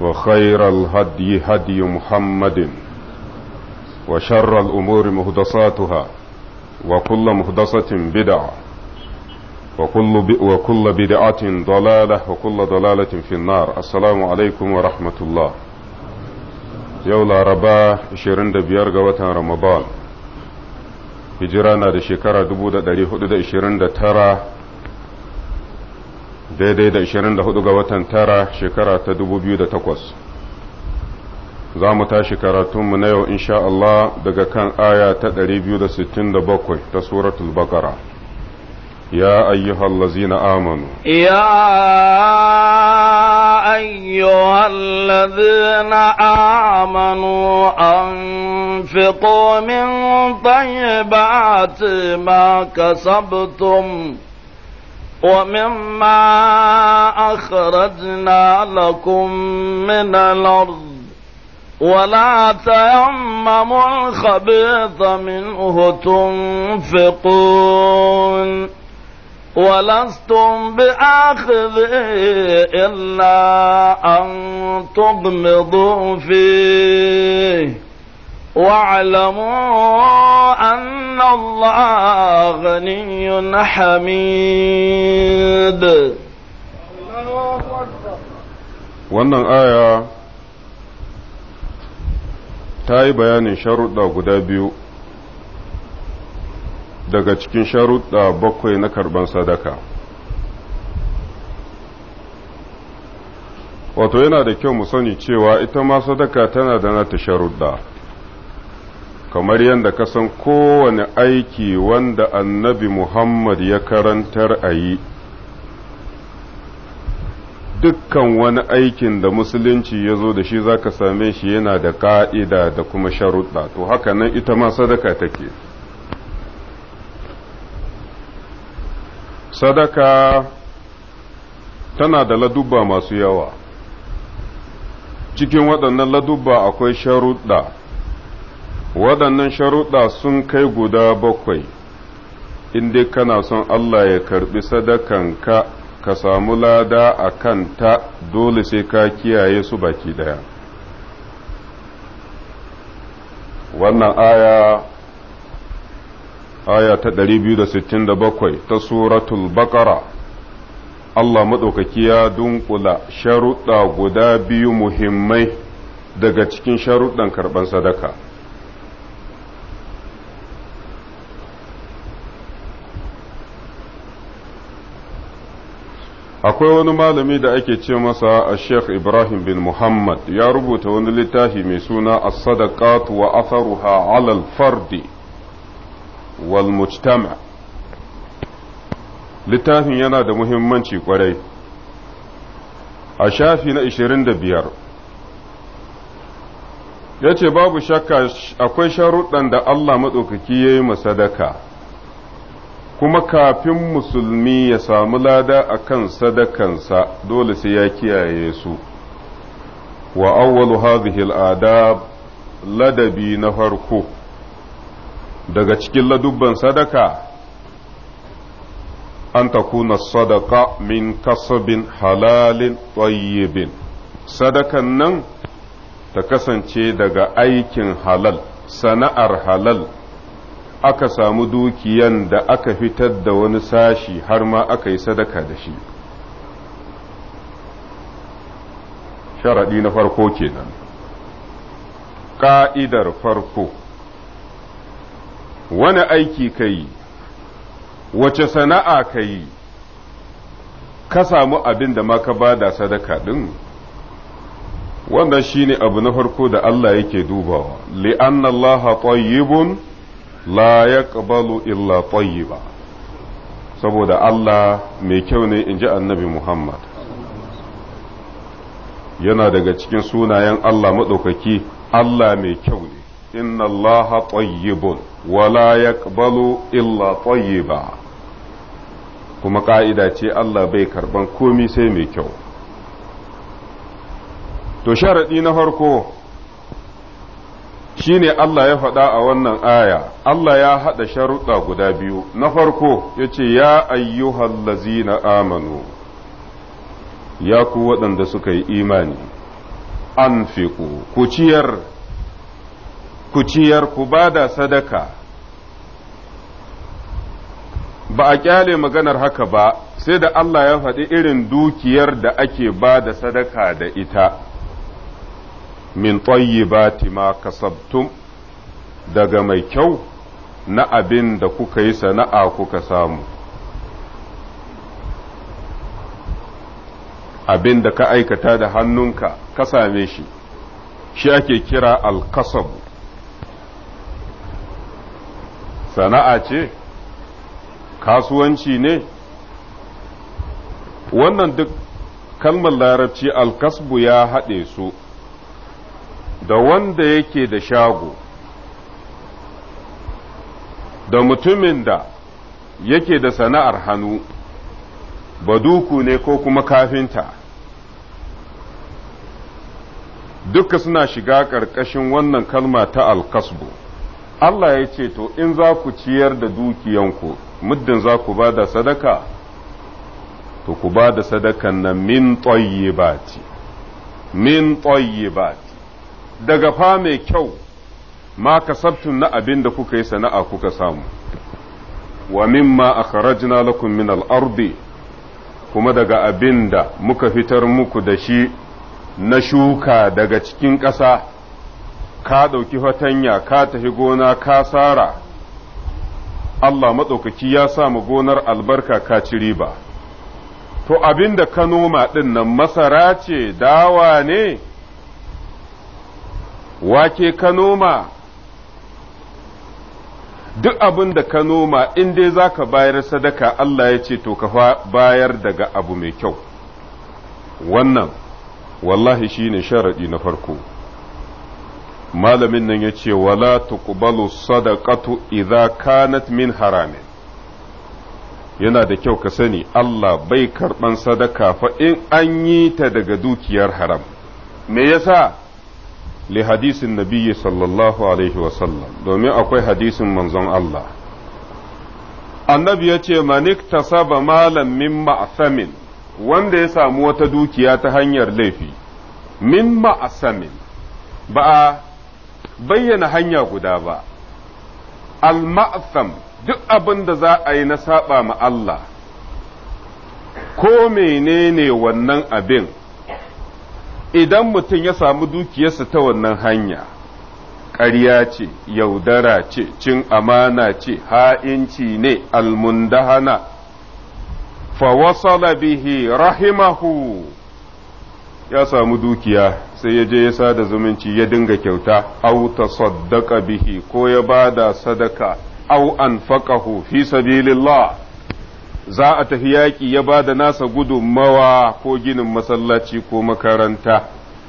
وخير الهدي هدي محمد وشر الأمور مهدساتها وكل مهدسة بدعة وكل, ب... وكل بدعة ضلالة وكل ضلالة في النار السلام عليكم ورحمة الله يولا ربا شرين دبيار غوتان رمضان hijira na da shekara 429 daidai da 24 ga watan tara shekara ta 2008 za mu tashi karatunmu na yau insha Allah daga kan aya ta 267 ta suratul bakara يا أيها الذين آمنوا يا أيها الذين آمنوا أنفقوا من طيبات ما كسبتم ومما أخرجنا لكم من الأرض ولا تيمموا الخبيث منه تنفقون ولستم بآخذه إلا أن تغمضوا فيه واعلموا أن الله غني حميد wannan aya ta yi bayanin sharuɗa guda biyu daga cikin sharuɗa bakwai na karɓar sadaka wato yana da kyau mu sani cewa ita ma sadaka tana da nata sharuɗa kamar yadda ka san kowane aiki wanda annabi Muhammad ya karantar a yi, dukkan wani aikin da musulunci ya zo da shi za ka same shi yana da ƙa'ida da kuma sharuɗa, to haka nan ita ma sadaka take. Sadaka tana da laduba masu yawa, cikin waɗannan ladubba akwai sharuɗa. waɗannan sharuɗa sun kai guda bakwai in dai kana son Allah ya karɓi sadakan ka ka samu lada a kan ta dole sai ka kiyaye su baki ɗaya wannan aya aya ta 267 ta suratul baqara Allah maɗaukaki ya dunkula sharuɗa guda biyu muhimmai daga cikin sharuɗan karɓar sadaka akwai wani malami da ake ce masa a sheikh ibrahim bin muhammad ya rubuta wani littafi mai suna as a wa atharuha alal fardi wal mujtama littafin yana da muhimmanci kwarai a shafi na 25 ya ce babu shakka akwai sharuɗan da Allah maɗaukaki ya yi sadaka kuma kafin musulmi ya samu lada a kan sadakansa dole sai ya kiyaye su wa awwalu hadhihi al'adab ladabi na farko daga cikin ladubban sadaka an takuna sadaka min kasabin halalin tayyibin sadakan nan ta kasance daga aikin halal sana'ar halal aka samu dukiyan da aka fitar da wani sashi har ma aka yi sadaka da shi sharaɗi na farko kenan ƙa'idar farko wani aiki ka yi wace sana'a ka yi ka samu abin da ma ka bada sadaka ɗin wannan shine abu na farko da Allah yake dubawa li'anna Allah tayyibun la yaqbalu illa tayyiba saboda Allah mai kyau ne in ji annabi Muhammad yana daga cikin sunayen Allah madaukaki Allah mai kyau ne inna Allah tayyibun wa la yaqbalu illa tayyiba kuma ƙa'ida ce Allah bai karban komi sai mai kyau to sharaɗi na farko Shi ne Allah ya faɗa a wannan aya Allah ya haɗa sharuɗa guda biyu na farko ya ce ya ayyuhallazina amanu ya ku waɗanda suka yi imani an ku ciyar ku ciyar ku ba da sadaka ba a kyale maganar haka ba sai da Allah ya faɗi irin dukiyar da ake ba da sadaka da ita min tayyibati ma kasabtum daga mai kyau na abin da kuka yi sana'a kuka samu abin da ka aikata da hannunka ka same shi shi ake kira alkasabu sana'a ce kasuwanci ne wannan duk kalmar larabci alkasbu ya haɗe su da wanda yake da shago da mutumin da yake da sana'ar hannu baduku ne ko kuma kafinta duka suna shiga ƙarƙashin wannan kalma ta alkasbu Allah ya ce to in za ku ciyar da dukiyanku muddin za ku ba da sadaka to ku ba da sadakan nan min tsayyibati min ci. daga fa mai kyau ma kasabtun na abin da kuka yi sana'a kuka samu wa mimma akhrajna lakum min al-ardi kuma daga abin da muka fitar muku da shi na shuka daga cikin ƙasa ka ɗauki fatanya ka tafi gona ka sara Allah maɗaukaki ya samu gonar albarka ka ci riba to abin da ka noma ɗin nan masara ce dawa ne wake ka noma duk abin da ka noma in dai za ka bayar sadaka Allah ya ce to ka bayar daga abu mai kyau wannan wallahi shi ne sharaɗi na farko malamin nan ya ce wala tuqbalu sadaqatu idza kanat min haramin yana da kyau ka sani Allah bai karɓan sadaka fa in an yi ta daga dukiyar haram me yasa li hadisin nabiyyi sallallahu alaihi sallam domin akwai hadisin manzon Allah annabi ya ce manik tasaba malam min ma'asamin wanda ya samu wata dukiya ta hanyar laifi min ma'asamin ba a bayyana hanya guda ba al duk abin da za a yi na saba ma Allah ko menene wannan abin idan mutum ya samu dukiyarsa ta wannan hanya ƙarya ce yaudara ce cin amana ce ha'inci ne almundahana fawasala bihi rahimahu ya samu dukiya sai ya je ya sada zumunci ya dinga kyauta au tasaddaqa bihi ko ya bada sadaka au anfaqahu fi sabilillah za a tafi yaƙi ya ba da nasa gudunmawa ko ginin masallaci ko makaranta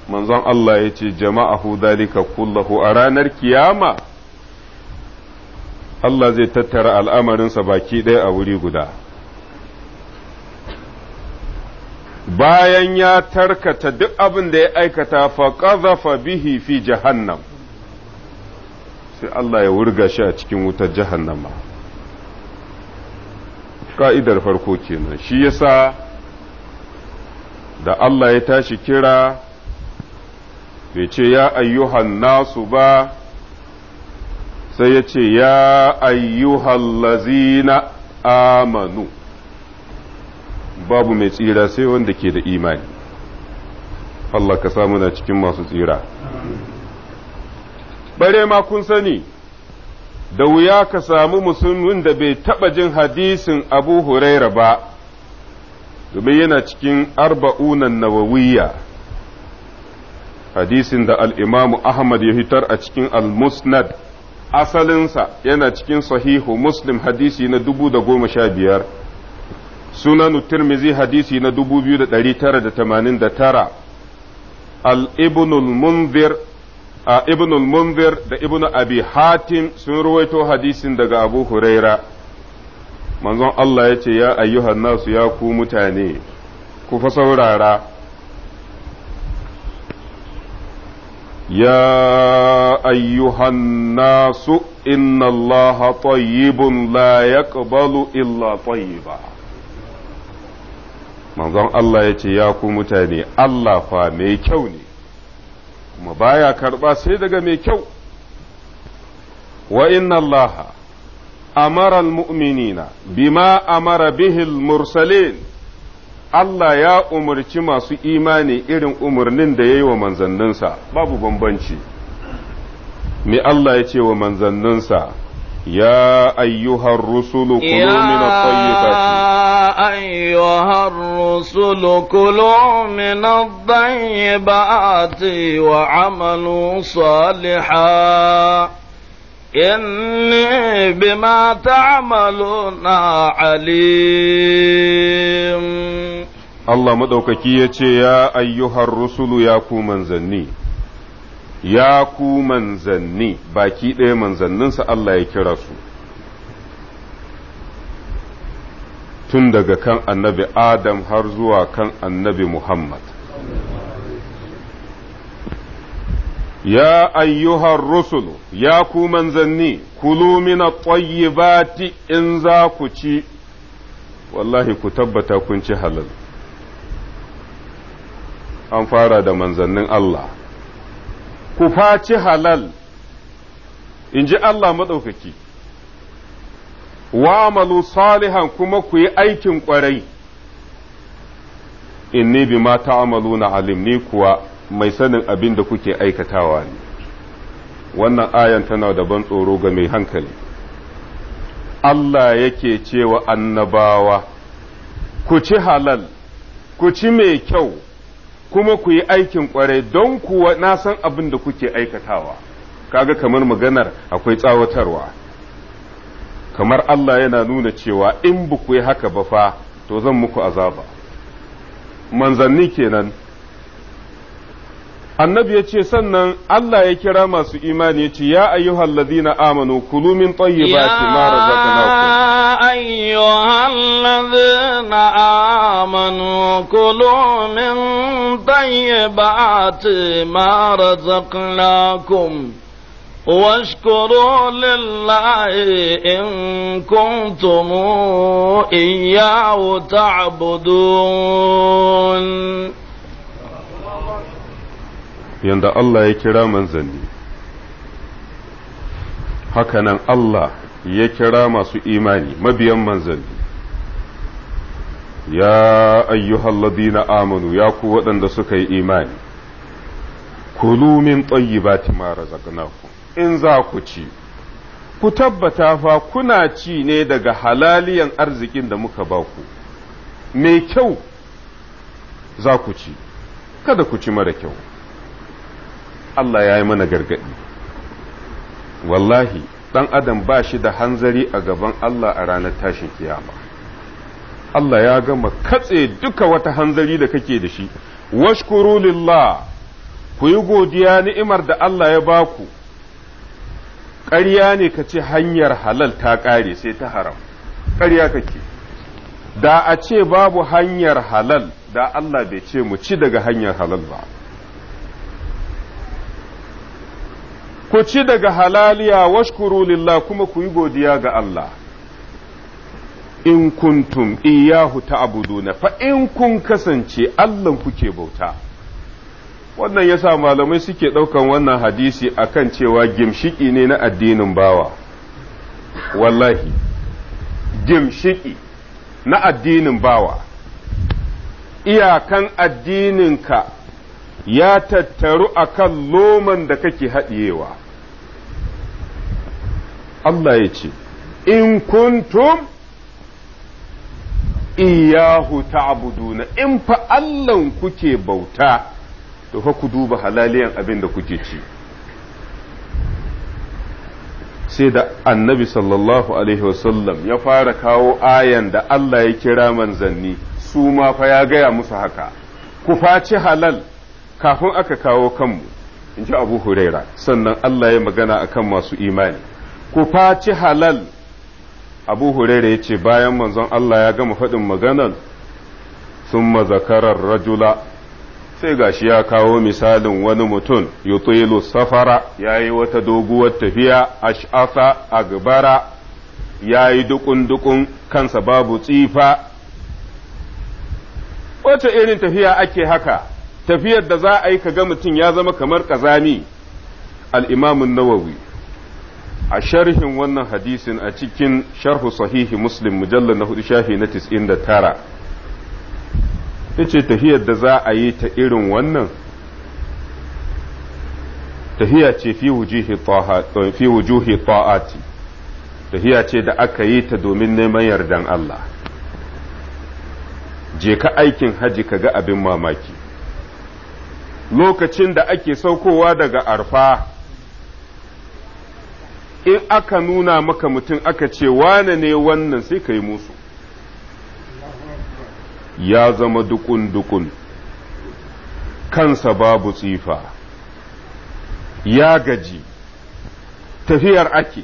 manzon Allah ya ce hu dalika kullahu a ranar kiyama Allah zai tattara al'amarinsa baki ɗaya a wuri guda bayan ya tarkata duk abin da ya aikata fa bihi fi jahannam sai Allah ya wurga shi a cikin wutar jahannama. ka'idar farko kenan shi yasa da Allah ya tashi kira bai ce ya ayyuhan nasu ba sai ya ce ya ayyuhan lazina amanu babu mai tsira sai wanda ke da imani Allah ka samu na cikin masu tsira bare ma kun sani da wuya ka samu musulmin da bai taɓa jin hadisin abu huraira ba domin yana cikin arba'unan nawawiyya hadisin da al'imamu ahmad ya hitar a cikin al-musnad asalinsa yana cikin sahihu muslim hadisi na dubu da goma sha biyar sunanu tirmizi hadisi na dubu biyu da ɗari tara da tamanin da tara al-ibnul munzir ibn al da ibn abi hatim sun ruwaito hadisin daga abu huraira manzon Allah ya ce ya ayyuhan ya ku mutane ku fa saurara ya ayyuhan nasu inna Allah tayyibun la yaqbalu illa tayyiba manzon Allah ya ce ya ku mutane Allah fa mai kyau ne kuma baya karɓa sai daga mai kyau wa inna allaha amara almu'minina bima amara bihil mursalin Allah ya umarci masu imani irin umarnin da ya yi wa manzanninsa babu bambanci me Allah ya ce wa manzanninsa ya أيها الرسل كلوا من الطيبات يا أيها الرسل كلوا من الضيبات وعملوا صالحا إني بما تعملون عليم Allah maɗaukaki ya ce, Ya ayyuhar rusulu ya ku manzanni, ya ku manzanni, baki ɗaya manzanninsa Allah ya kira su. tun daga kan annabi adam har zuwa kan annabi muhammad ya ayyuhar rusulu ya ku manzanni kulu mina bati in za ku ci wallahi ku tabbata kun ci halal an fara da manzannin Allah ku faci halal in ji Allah maɗaukaki wa malu salihan kuma ku yi aikin ƙwarai inni bi amalu na alim ni kuwa mai sanin abin da kuke aikatawa ne wannan ayan tana da ban tsoro ga mai hankali Allah yake cewa annabawa ku ci halal ku ci mai kyau kuma ku yi aikin kwarai don kuwa na san abin da kuke aikatawa kaga kamar maganar akwai tsawatarwa kamar Allah yana nuna cewa in ba ku yi haka ba fa to zan muku azaba manzanni kenan annabi ya ce sannan Allah ya kira masu imani ya ce ya ayyuhal ladina amanu kulu min tayyibati ma razaqnakum ya ayyuhal ladina amanu kulu min ma واشكروا لله إن كنتم إياه تعبدون يند الله يكرا منزلي hakanan Allah ya kira masu imani mabiyan manzanni ya ladina amanu ya ku waɗanda suka yi imani kulu min tsayi ma razaqnakum in za ku ci ku tabbata fa kuna ci ne daga halaliyan arzikin da muka ba ku mai kyau za ku ci kada ku ci mara kyau Allah ya yi mana gargaɗi wallahi ɗan adam ba shi da hanzari a gaban Allah a ranar tashin kiyama Allah ya gama katse duka wata hanzari da kake da shi washkuru lillah ku yi godiya ni'imar da Allah ya baku ƙarya ne ka ce hanyar halal ta ƙare sai ta haram ƙarya kake da a ce babu hanyar halal da Allah bai ce mu ci daga hanyar halal ba ku ci daga halaliya washkuru lillah kuma ku yi godiya ga Allah in kuntum iyahu na fa in kun kasance Allah kuke bauta wannan yasa malamai suke ɗaukan wannan hadisi akan cewa gimshiki ne na addinin bawa wallahi gimshiki na addinin bawa iyakan addininka ya tattaru akan loman da kake haɗiyewa Allah ya ce in kuntum iyahu ta'buduna in fa Allahn kuke bauta to fa ku duba halaliyan abin da kuke ci sai da annabi sallallahu alaihi wasallam ya fara kawo ayan da Allah ya kira manzanni su ma fa ya gaya musu haka ku faci halal kafin aka kawo kanmu in ji abu huraira sannan Allah ya magana akan masu imani ku faci halal abu huraira ya ce bayan manzon Allah ya gama faɗin maganar sun mazakarar rajula sai gashi ya kawo misalin wani mutum yutilu safara ya yi wata doguwar tafiya ash'asa agbara ya yi dukun-dukun kansa babu tsifa wata irin tafiya ake haka tafiyar da za a yi ga mutum ya zama kamar kazani. al'imamun nawawi a sharhin wannan hadisin a cikin sharhu sahihi muslim mujallar na hudu shafi na tis'in da tara yace tahiyar da za a yi ta irin wannan tahiya ce fi wujuhi ta'ati tahiya ce da aka yi ta domin neman yardan Allah je ka aikin haji ka ga abin mamaki lokacin da ake saukowa daga arfa in aka nuna maka mutum aka ce wane ne wannan sai ka yi musu ya zama dukun-dukun kansa babu tsifa ya gaji tafiyar ake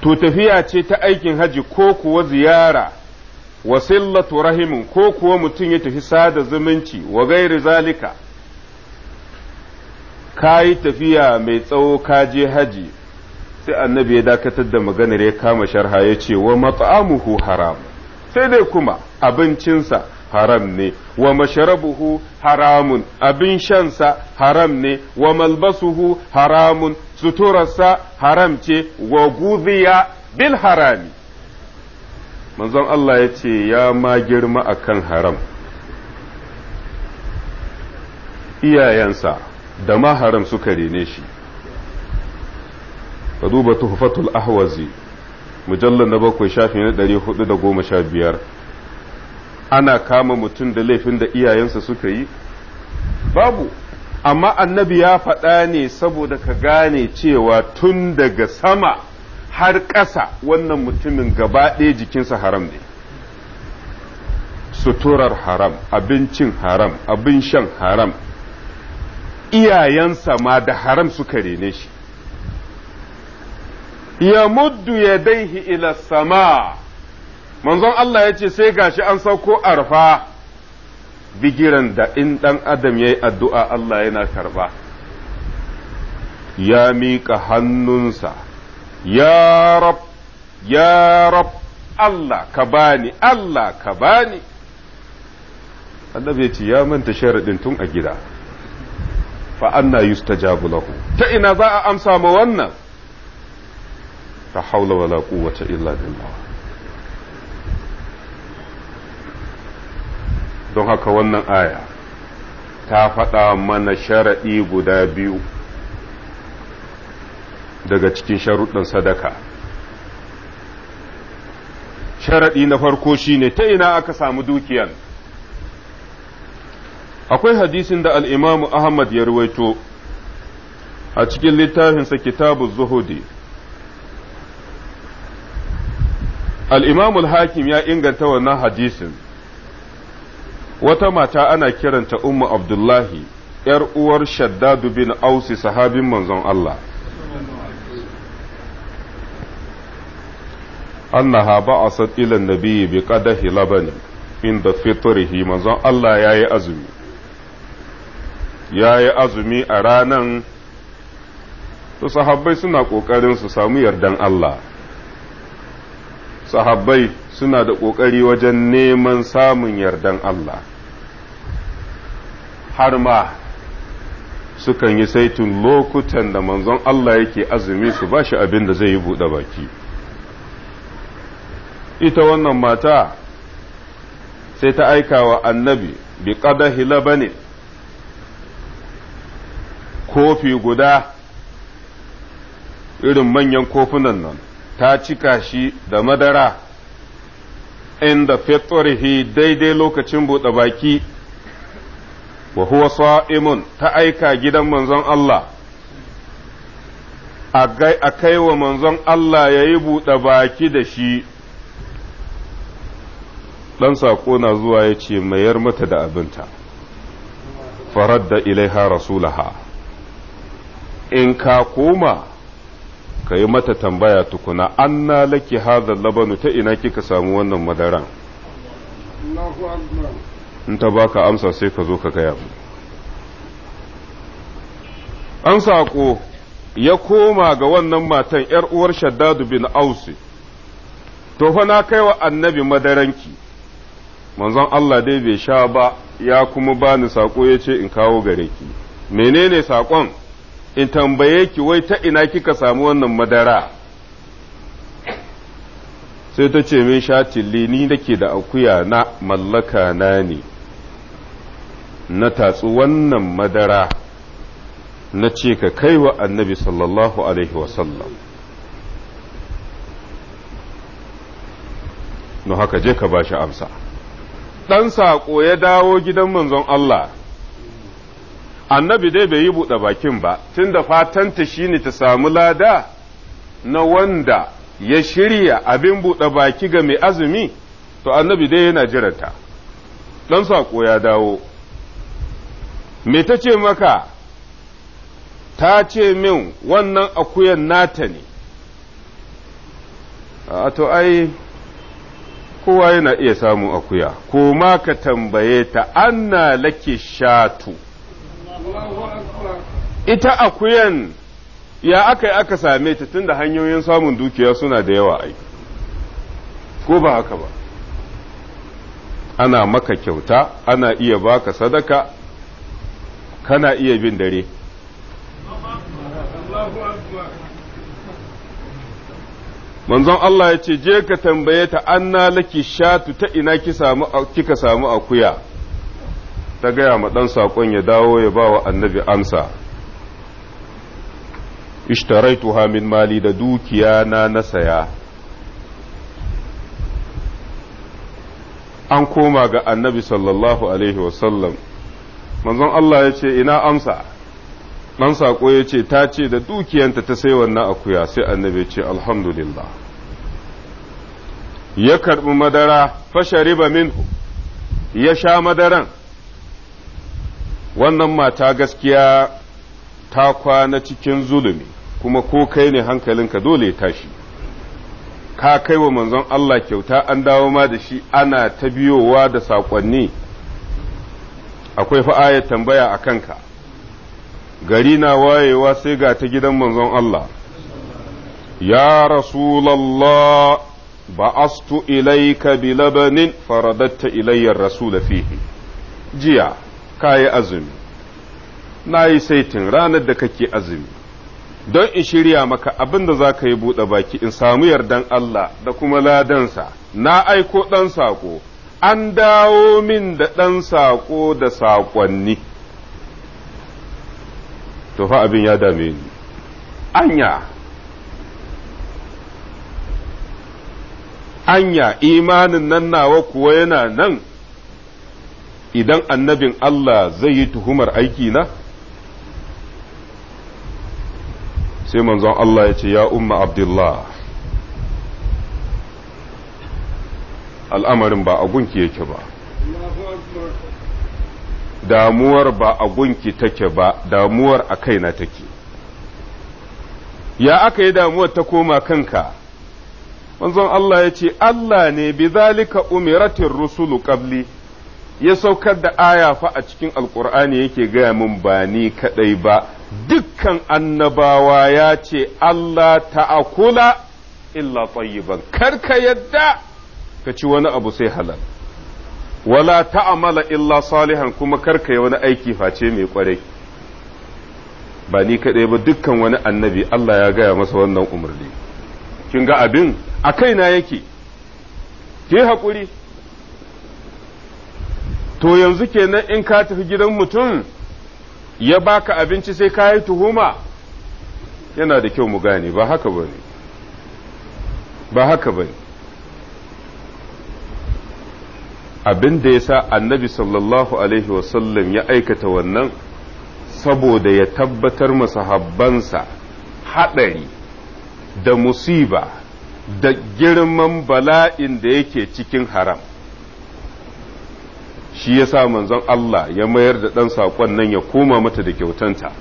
to tafiya ce ta aikin haji ko kuwa ziyara wasillatu rahimin ko kuwa mutum ya tafi sada zumunci wa gairi zalika ka yi tafiya mai tsawo ka je haji sai annabi ya dakatar da maganar ya kama sharha ya ce wa mat'amuhu haram sai dai kuma abincinsa haram ne wa masharabuhu haramun abin shansa haram ne wa malbasuhu haramun suturarsa haram ce wa guziya bil harami manzon Allah ya ce ya ma girma akan haram iyayensa da ma haram suka rene shi ka duba tuhfatul ahwazi mujallar na bakwai shafi na ɗari hudu da goma sha biyar ana kama mutum da laifin da iyayensa suka yi babu amma annabi ya faɗa ne saboda ka gane cewa tun daga sama har ƙasa wannan mutumin gaba ɗaya jikinsa haram ne suturar haram abincin haram abin shan haram iyayensa ma da haram suka rene shi ya muddu ya daihi ila sama manzon Allah ya ce sai gashi an sauko arfa bigiran da in ɗan adam ya yi addu'a Allah yana karba ya miƙa hannunsa ya rab ya rab Allah ka bani Allah ka bani annabi ya ce ya manta sharaɗin tun a gida fa anna yustajabu lahu ta ina za a amsa ma wannan la haula wala quwwata illa billah don haka wannan aya ta faɗa mana sharaɗi guda biyu daga cikin sharuɗin sadaka sharaɗi na farko shine ta ina aka samu dukiyan akwai hadisin da al'imamu ahmad ya ruwaito a cikin littafinsa kitabu zuhudi al'imamul hakim ya inganta wannan hadisin wata mata ana kiranta ummu abdullahi ‘yar uwar shaddadu bin ausi sahabin manzon Allah annaha ba'asat ila nabiyyi bi qadahi labani inda fitrihi manzon Allah yayi azumi yayi azumi a ranan to sahabbai suna kokarin su samu yardan Allah sahabbai suna da ƙoƙari wajen neman samun yardan Allah har ma sukan yi saitin lokutan da manzon Allah yake azumi su ba shi abin da zai yi buɗe baki ita wannan mata sai ta aika wa annabi bi qadahi labani kofi guda irin manyan kofunan nan ta cika shi da madara in inda fitrihi daidai lokacin buɗe baki wa huwa sa'imun ta aika gidan manzon Allah a kai wa manzon Allah ya yi buɗe baki da shi ɗan saƙo na zuwa ya ce mayar mata da abinta faradda ilaiha rasulaha in ka koma ka yi mata tambaya tukuna anna laki hadha labanu ta ina kika samu wannan madaran in ta baka amsa sai ka zo ka gaya mu an saƙo ya koma ga wannan matan ‘yar uwar shaddadu bin ausi to fa na kai wa annabi madaranki manzon Allah dai bai sha ba ya kuma bani saƙo ya ce in kawo gare ki menene saƙon in tambaye ki wai ta ina kika samu wannan madara sai ta ce min sha ni nake da akuya na mallaka na ne na tatsu wannan madara na ce ka kai wa annabi sallallahu alaihi wasallam no haka je ka ba shi amsa ɗan saƙo ya dawo gidan manzon Allah annabi dai bai yi buɗe bakin ba tun tunda fatanta shine ta samu lada na wanda ya shirya abin buɗe baki ga mai azumi to annabi dai yana jiranta ɗan saƙo ya dawo me ta ce maka ta ce min wannan akuyan nata ne a to ai kowa yana iya samun akuya ko ma ka tambaye ta anna lake shatu ita akuyan ya aka yi aka same ta tunda hanyoyin samun dukiya suna da yawa ai ko ba haka ba ana maka kyauta ana iya baka sadaka kana iya bin dare manzon Allah ya ce je ka tambaye ta anna laki shatu ta ina kika samu akuya ta gaya ma ɗan saƙon ya dawo ya ba wa annabi amsa ishtaraitu min mali da dukiya na na saya an koma ga annabi sallallahu alaihi wasallam manzon Allah ya ce ina amsa ɗan saƙo ya ce ta ce da dukiyanta ta sai wannan akuya sai annabi ce alhamdulillah ya karɓi madara fashari ba minhu ya sha madaran wannan mata gaskiya ta kwana cikin zulumi kuma ko kai ne hankalinka dole ya tashi ka kai wa manzon Allah kyauta an dawo ma da shi ana ta biyowa da saƙonni akwai fa'ayar tambaya a kanka gari na wayewa sai ga ta gidan manzon Allah ya rasulallah ba'astu ilaika bi labanin faradatta ilayyar da fihi jiya ka yi azumi na yi saitin ranar da kake azumi don in shirya maka abin da za ka yi buɗe baki in samu yardan Allah da kuma ladansa na aiko ɗan sako an dawo min da ɗan saƙo da saƙonni to fa abin ya dame ni anya anya imanin nan nawa kuwa yana nan idan annabin Allah zai yi tuhumar aiki na sai manzon Allah ya ce ya umma abdullah al'amarin ba a gunki yake ba damuwar ba a gunki take ba damuwar a kaina take ya aka yi damuwar ta koma kanka manzon Allah ya ce Allah ne bi zalika umiratin rusulu qabli ya saukar da aya fa a cikin alkur'ani yake gaya min ba ni kadai ba dukkan annabawa ya ce Allah ta'akula illa tayyiban karka yadda ka ci wani abu sai halal wala ta'amala illa salihan kuma karka yi wani aiki face mai kwarai ba ni kadai ba dukkan wani annabi Allah ya gaya masa wannan umarni kin ga abin a kaina yake Ke haƙuri to yanzu kenan in ka tafi gidan mutum ya baka abinci sai ka yi tuhuma yana da kyau mu gane ba haka ba ne ba haka ba ne abin da ya sa annabi sallallahu alaihi wasallam ya aikata wannan saboda ya tabbatar masahabbansa haɗari da musiba da girman bala'in da yake cikin haram shi ya sa manzon Allah ya mayar da ɗan saƙon nan ya koma mata da kyautanta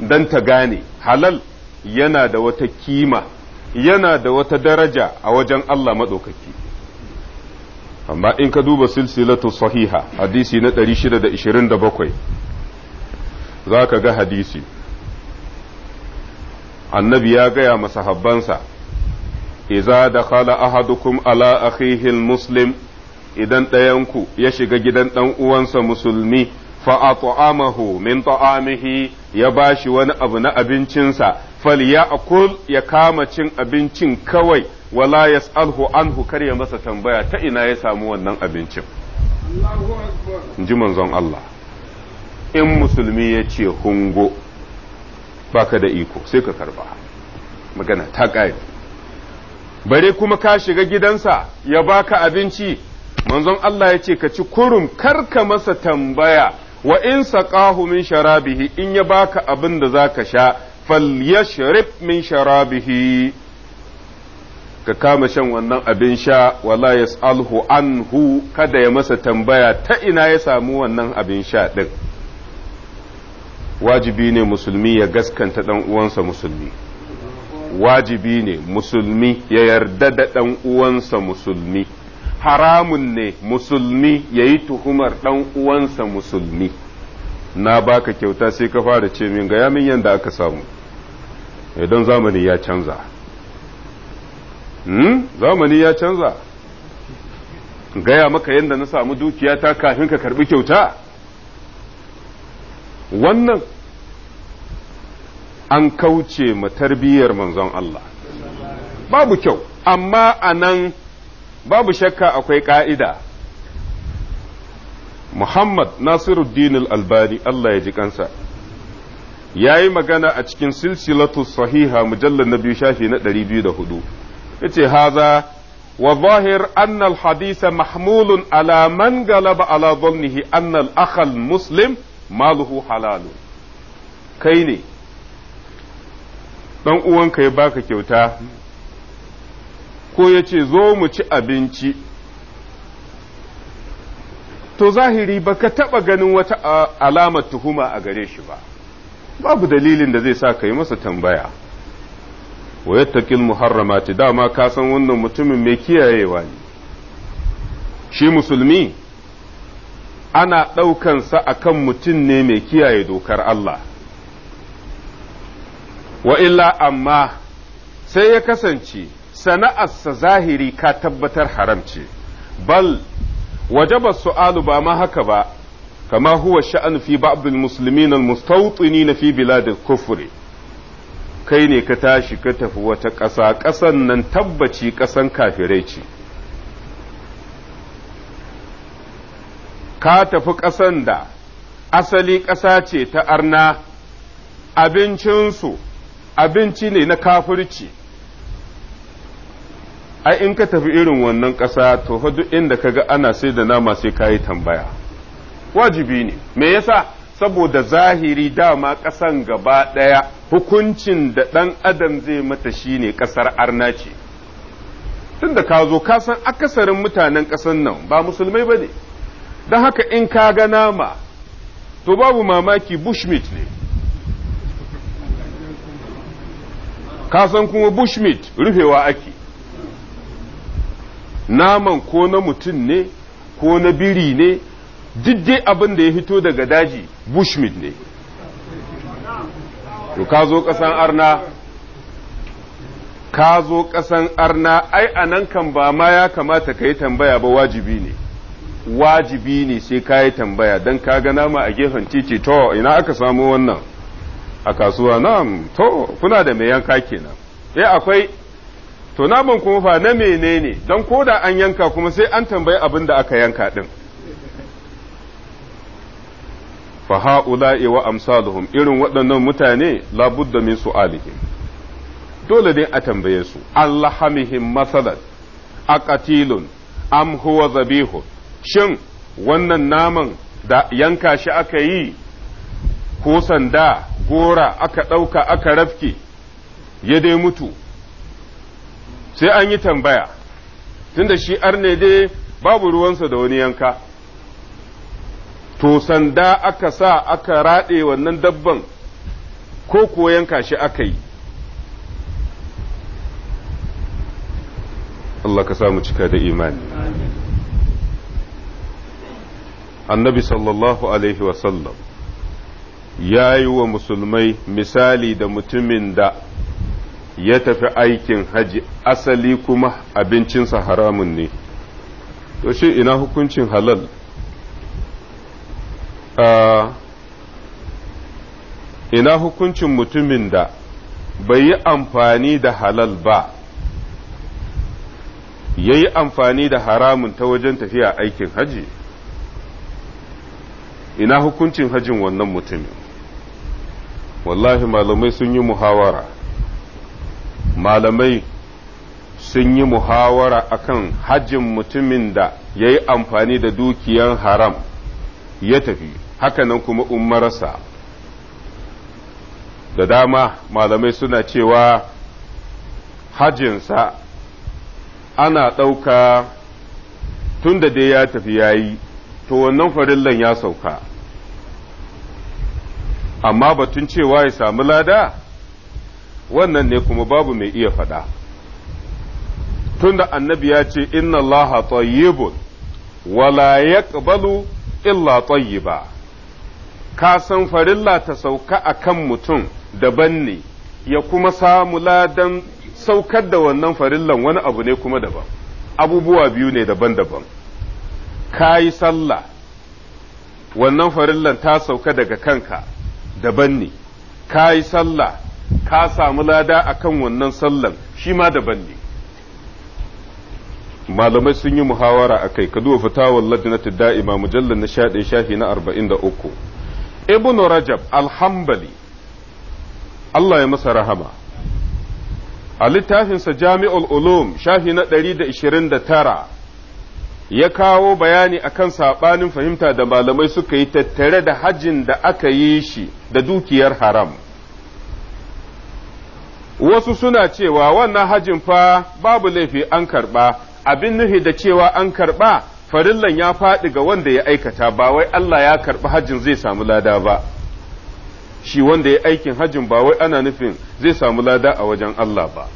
don ta gane halal yana da wata kima yana da wata daraja a wajen Allah maɗaukaki amma in ka duba silsilatu sahiha hadisi na 627 za ka ga hadisi annabi ya gaya masa iza إذا khala ahadukum ala أخيه muslim idan ɗayanku ya shiga gidan ɗan uwansa musulmi fa'at'amahu min ta'amihi ya ba shi wani abu na abincinsa fal ya kama cin abincin kawai wala yas'alhu anhu kar ya masa tambaya ta ina ya samu wannan abincin ji manzon Allah in musulmi ya ce hungo baka da iko sai ka karba magana ta ƙare bare kuma ka shiga gidansa ya baka abinci manzon Allah ya ce ka ci kurum karka masa tambaya wa in saqahu min sharabihi in ya baka abin da zaka sha falyashrib min sharabihi ka kama shan wannan abin sha wala yas'alhu anhu kada ya masa tambaya ta ina ya samu wannan abin sha din wajibi ne musulmi ya gaskanta dan uwansa musulmi wajibi ne musulmi ya yarda da dan uwansa musulmi haramun ne musulmi ya yi tuhumar ɗan uwansa musulmi na baka kyauta sai ka fara ce min ga yamin yadda aka samu idan eh, zamani ya canza hmm? zamani ya canza gaya maka yadda na samu dukiyata kafin ka karbi kyauta wannan an kauce ma tarbiyyar manzon Allah babu kyau amma a nan babu shakka akwai ƙa'ida Muhammad Nasiruddin al-Albani Allah ya ji kansa ya yi magana a cikin silsilatu sahiha mujallar na biyu shafi na 204 ya ce haza wa zahir annal hadisa mahmulun ala man galaba ala zannihi annal akhal muslim maluhu halalu kai ne ɗan uwanka ya baka kyauta ko ya ce zo mu ci abinci to zahiri ba ka taɓa ganin wata alamar tuhuma a gare shi ba babu dalilin da zai sa ka yi masa tambaya wa yattaqil muharramati dama ka san wannan mutumin mai kiyayewa ne shi musulmi ana ɗaukansa a kan mutum ne mai kiyaye dokar Allah wa illa amma sai ya kasance sana'arsa zahiri ka tabbatar haram ce bal wajaba su'alu ba ma haka ba kama huwa sha'anu fi ba'd al-muslimin al na fi bilad al-kufr kai ne ka tashi ka tafi wata ƙasa ƙasan nan tabbaci ƙasan kafirai ce ka tafi ƙasan da asali ƙasa ce ta arna abincinsu abinci ne na kafirci ai in ka tafi irin wannan ƙasa to fa duk inda ka ga ana sai da nama sai ka yi tambaya wajibi ne me yasa saboda zahiri dama ƙasan gaba ɗaya hukuncin da ɗan adam zai mata shine ƙasar arna ce tunda ka zo ka san akasarin mutanen ƙasan nan ba musulmai ba ne don haka in ka ga nama to babu mamaki bushmeat ne ka san kuma bushmeat rufewa ake naman ko na mutum ne ko na biri ne duk abin da ya fito daga daji bushmeat ne to ka zo ƙasan arna ka zo ƙasan arna ai a nan kan ba ma ya kamata ka yi tambaya ba wajibi ne wajibi ne sai ka yi tambaya don ka ga nama a gefen titi to ina aka samu wannan a kasuwa na to kuna da mai yanka kenan eh akwai to naman kuma fa na menene don ko da an yanka kuma sai an tambayi abin da aka yanka din fa ha'ula'i wa amsaluhum irin waɗannan mutane labudda min su'alihi dole ne a tambaye su allahamihim masalan a katilun am huwa zabihu shin wannan naman da yanka shi aka yi ko sanda gora aka ɗauka aka rafke ya dai mutu sai an yi tambaya tunda shi arne dai babu ruwansa da wani yanka to sanda aka sa aka raɗe wannan dabban ko kuwa yanka shi aka yi Allah ka samu cika da imani annabi sallallahu alaihi wasallam ya yi wa musulmai misali da mutumin da ya tafi aikin haji asali kuma abincinsa haramun ne to shi ina hukuncin halal ina hukuncin mutumin da bai yi amfani da halal ba ya yi amfani da haramun ta wajen tafiya aikin haji ina hukuncin hajin wannan mutumin wallahi malamai sun yi muhawara malamai sun yi muhawara akan hajjin mutumin da ya yi amfani da dukiyan haram ya tafi hakanan kuma umarsa da dama malamai suna cewa hajjinsa ana ɗauka tun da dai ya tafi ya yi to wannan farillan ya sauka amma batun cewa ya sami lada wannan ne kuma babu mai iya faɗa tunda annabi ya ce inna Allah tayyibun wala yaqbalu illa tayyiba ka san farilla ta sauka akan mutum daban ne ya kuma samu ladan saukar da wannan farillan wani abu ne kuma daban abubuwa biyu ne daban-daban ka yi sallah wannan farillan ta sauka daga kanka daban ne ka yi sallah ka samu lada a kan wannan sallan shi ma daban ne malamai sun yi muhawara a kai ka duba na ladinati Ima mujallar na sha shafi na arba'in da uku ibn rajab alhambali Allah ya masa rahama a littafinsa jami'ul ulum shafi na ɗari da ishirin da tara ya kawo bayani akan saɓanin fahimta da malamai suka yi tattare da hajjin da aka yi shi da dukiyar haram wasu suna cewa wannan hajin fa babu laifi an karɓa abin nuhi da cewa an karɓa farillan ya faɗi ga wanda ya aikata ba wai Allah ya karɓi hajjin zai samu lada ba shi wanda ya aikin hajjin ba wai ana nufin zai samu lada a wajen Allah ba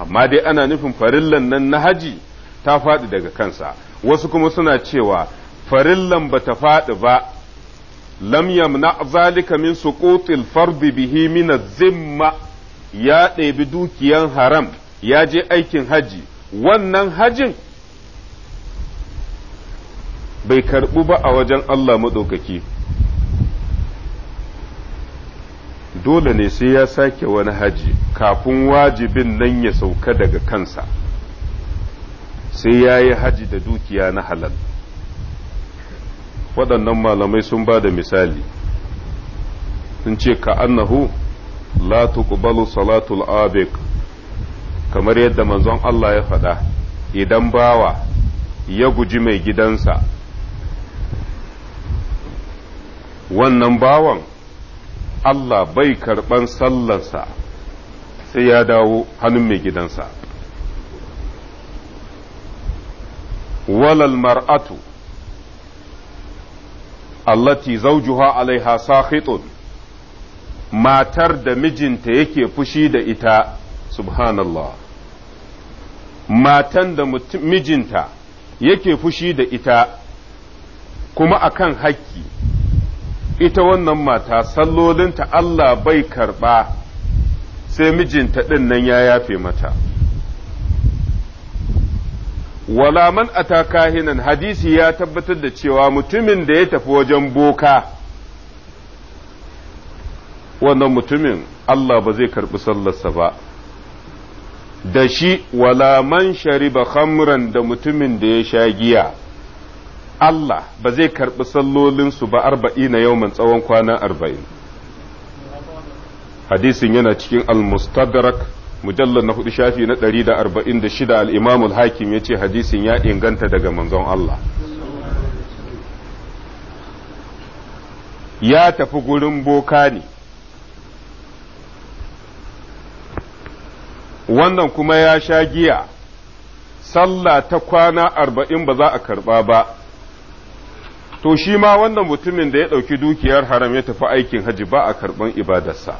amma dai ana nufin farillan nan na haji ta faɗi daga kansa wasu kuma suna cewa farillan ba ta faɗi ba lam yamna zalika min suqutil fardi bihi min zimma ya ɗebi dukiyan haram ya je aikin haji wannan hajin bai karɓu ba a wajen Allah maɗaukaki dole ne sai ya sake wani haji kafin wajibin nan ya sauka daga kansa sai ya yi haji da dukiya na halal waɗannan malamai sun ba da misali sun ce ka annahu la tuqbalu salatul abiq kamar yadda manzon Allah ya faɗa idan bawa ya guji mai gidansa wannan bawan Allah bai karɓan sallarsa sai ya dawo hannun mai gidansa walal mar'atu allati zawjuha alaiha sakhitun matar da mijinta yake fushi da ita subhanallah matan da mijinta yake fushi da ita kuma akan hakki ita wannan mata sallolinta Allah bai karɓa sai mijinta ɗin nan ya yafe mata wala man ata kahinan hadisi ya tabbatar da cewa mutumin da ya tafi wajen boka wannan mutumin Allah ba zai karɓi sallarsa ba da shi wala man shariba khamran da mutumin da ya sha giya Allah ba zai karɓi sallolinsu ba arba'i na yauman tsawon kwana arba'in hadisin yana cikin al-mustadrak mujallar na hudu shafi na ɗari da arba'in da shida al hakim ya ce hadisin ya inganta daga manzon Allah ya tafi gurin boka ne wannan kuma ya sha giya sallah ta kwana arba'in ba za a karɓa ba to shi ma wannan mutumin da ya ɗauki dukiyar haram ya tafi aikin haji ba a karɓan ibadarsa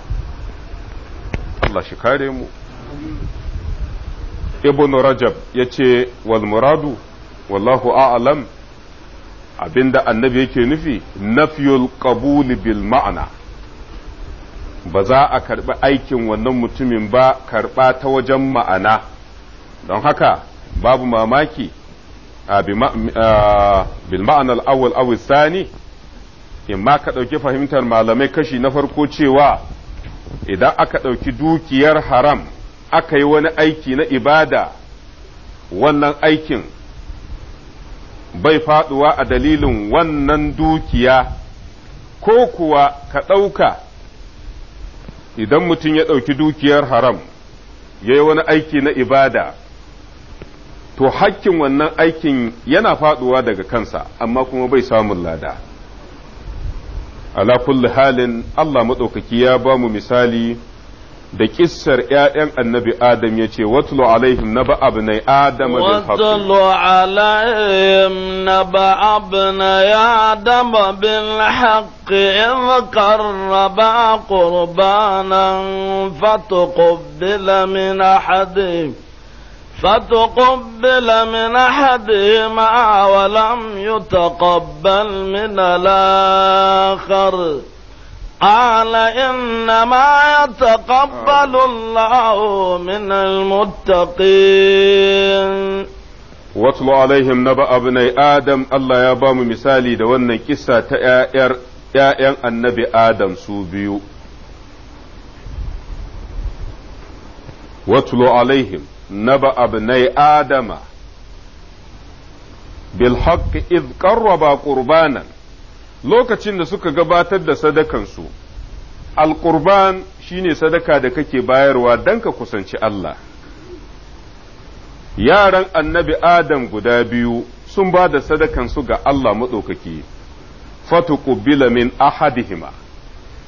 Allah shi kare mu ibn rajab ya ce wal muradu wallahu a'lam abinda annabi yake nufi nafyul qabuli bil ma'ana ba za a karɓi aikin wannan mutumin ba karɓa ta wajen ma'ana don haka babu mamaki bil ma'anar awal aw sani in ma ka ɗauki fahimtar malamai kashi na farko cewa idan aka ɗauki dukiyar haram aka yi wani aiki na ibada wannan aikin bai faɗuwa a dalilin wannan dukiya ko kuwa ka ɗauka idan mutum ya ɗauki dukiyar haram ya yi wani aiki na ibada to hakkin wannan aikin yana faɗuwa daga kansa amma kuma bai samun lada ala kulli halin Allah maɗaukaki ya ba mu misali da kissar ‘ya'yan annabi Adam ya ce, Watulu alaihim na ba'abnai Adam bil haƙi. Watulu alaihim na ba'abnai Adam bil haƙi in karraba qurbanan fatuqabbila min ahadihim. فتقبل من أحدهما ولم يتقبل من الآخر قال إنما يتقبل آه. الله من المتقين واتلو عليهم نبأ ابني آدم الله يبام مثالي دو أن كسا تأير يأين النبي آدم سوبيو واتلو عليهم نبأ ابني آدم بالحق إذ قربا قربانا lokacin da suka gabatar da sadakansu alƙurban shine sadaka da kake bayarwa don ka kusanci Allah yaran annabi Adam guda biyu sun ba da sadakansu ga Allah maɗaukaki fatuqubila min ahadihima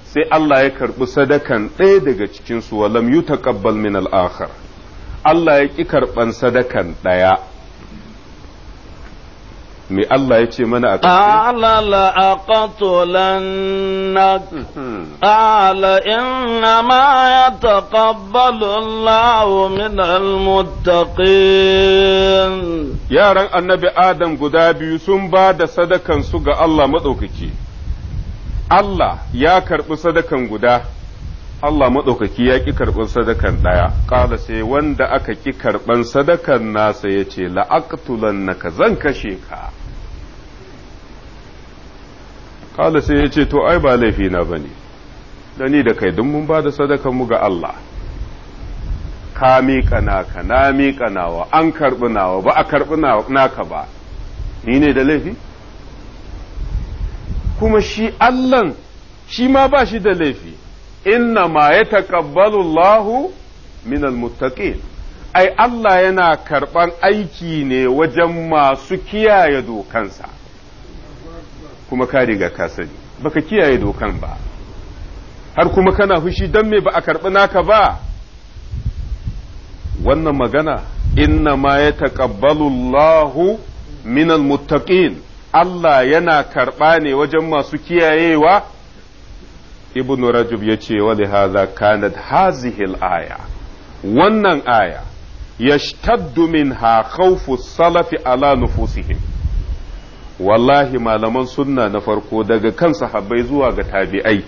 sai Allah ya karɓi sadakan ɗaya daga cikinsu walam yutaqabbal min al’akhar. akhar Allah ya ƙi karɓan sadakan ɗaya me Allah ya ce mana a a la'aqatulannak ala inna ma muttaqin yaran annabi Adam guda biyu sun ba da sadakansu ga Allah madaukaki Allah ya karɓi sadakan guda Allah maɗaukaki ya ƙi karɓar sadakan ɗaya, ƙala sai wanda aka ƙi karɓar sadakan nasa ya ce, na ka zan kashe ka. Ƙala sai ya ce, to ai ba laifina ba ne, da ni da kai mun ba da sadakan mu ga Allah. Ka miƙa naka, na miƙa nawa, an karɓi nawa, ba a karɓi naka ba, ni ne da laifi? Kuma shi Allahn, shi ma ba shi da laifi. inna ma ya taƙabbalu Allahu min ai Allah yana karɓan aiki ne wajen masu kiyaye dokansa kuma ka riga ka sani baka kiyaye dokan ba har kuma kana fushi don me ba a karɓi naka ba wannan magana inna ma ya taƙabbalu Allahu min Allah yana karɓa ne wajen masu kiyayewa Ibnu rajab ya ce wa lihaza kanat hazihil aya wannan aya yashtaddu minha khawfu salafi ala nufusihim wallahi malaman sunna na farko daga kan sahabbai zuwa ga tabi'ai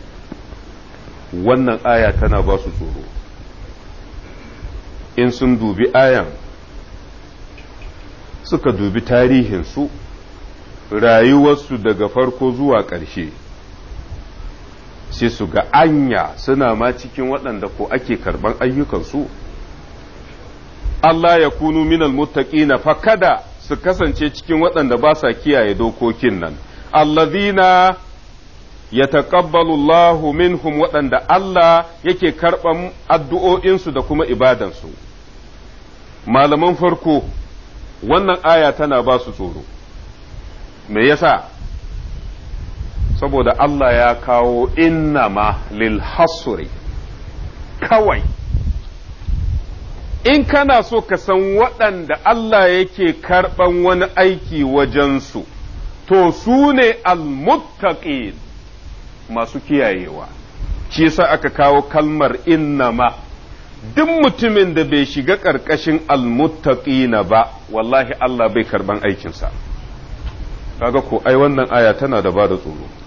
wannan aya tana ba su tsoro in sun dubi ayan suka dubi tarihinsu rayuwarsu daga farko zuwa ƙarshe sai su ga anya suna ma cikin waɗanda ko ake karɓar ayyukansu Allah ya kunu minal muttaqina fa kada su kasance cikin waɗanda ba sa kiyaye dokokin nan allazina ya taƙabbalu Allahu minhum waɗanda Allah yake karɓan addu'o'insu da kuma ibadansu. Malaman farko, wannan aya tana ba su tsoro, me yasa saboda Allah ya kawo innama lil hasuri kawai in kana so ka san waɗanda Allah yake karɓan wani aiki wajensu to su ne almuttaqin masu kiyayewa shi yasa aka kawo kalmar innama duk mutumin da bai shiga ƙarƙashin almuttaqina ba wallahi Allah bai karɓan aikinsa kaga ko ai wannan aya tana da ba da tsoro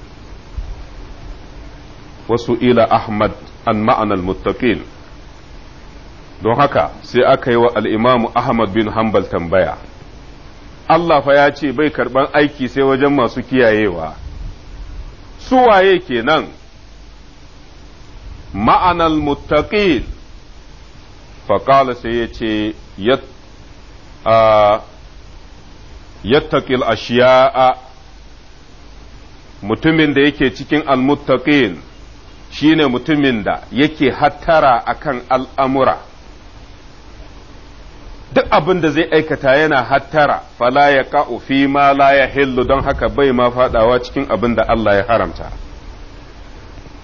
wasu ila Ahmad an ma'anar muttaqin don haka sai aka yi wa al'imamu Ahmad bin Hanbal tambaya. Allah fa ya ce bai karɓan aiki sai wajen masu kiyayewa, su waye kenan ma'anar muttaqin kala sai ya ce yattaƙil ashiya'a mutumin da yake cikin al-muttaqin Shi ne mutumin da yake hattara akan al'amura duk abin da zai aikata yana hattara fala ya ka'u fi ma la ya hillu don haka bai ma faɗawa cikin abin da Allah ya haramta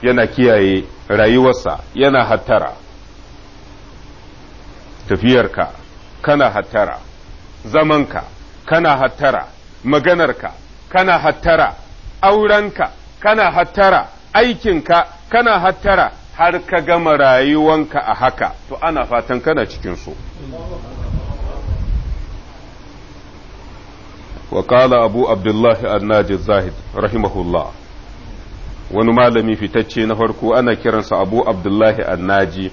yana kiyaye rayuwarsa yana hattara tafiyarka kana hattara zamanka kana hattara maganarka kana hattara aurenka kana hattara aikinka kana hattara har ka gama rayuwanka a haka to ana fatan kana cikin su وقال أبو عبد الله الناجي wani malami fitacce na farko ana kiransa abu abdullahi annaji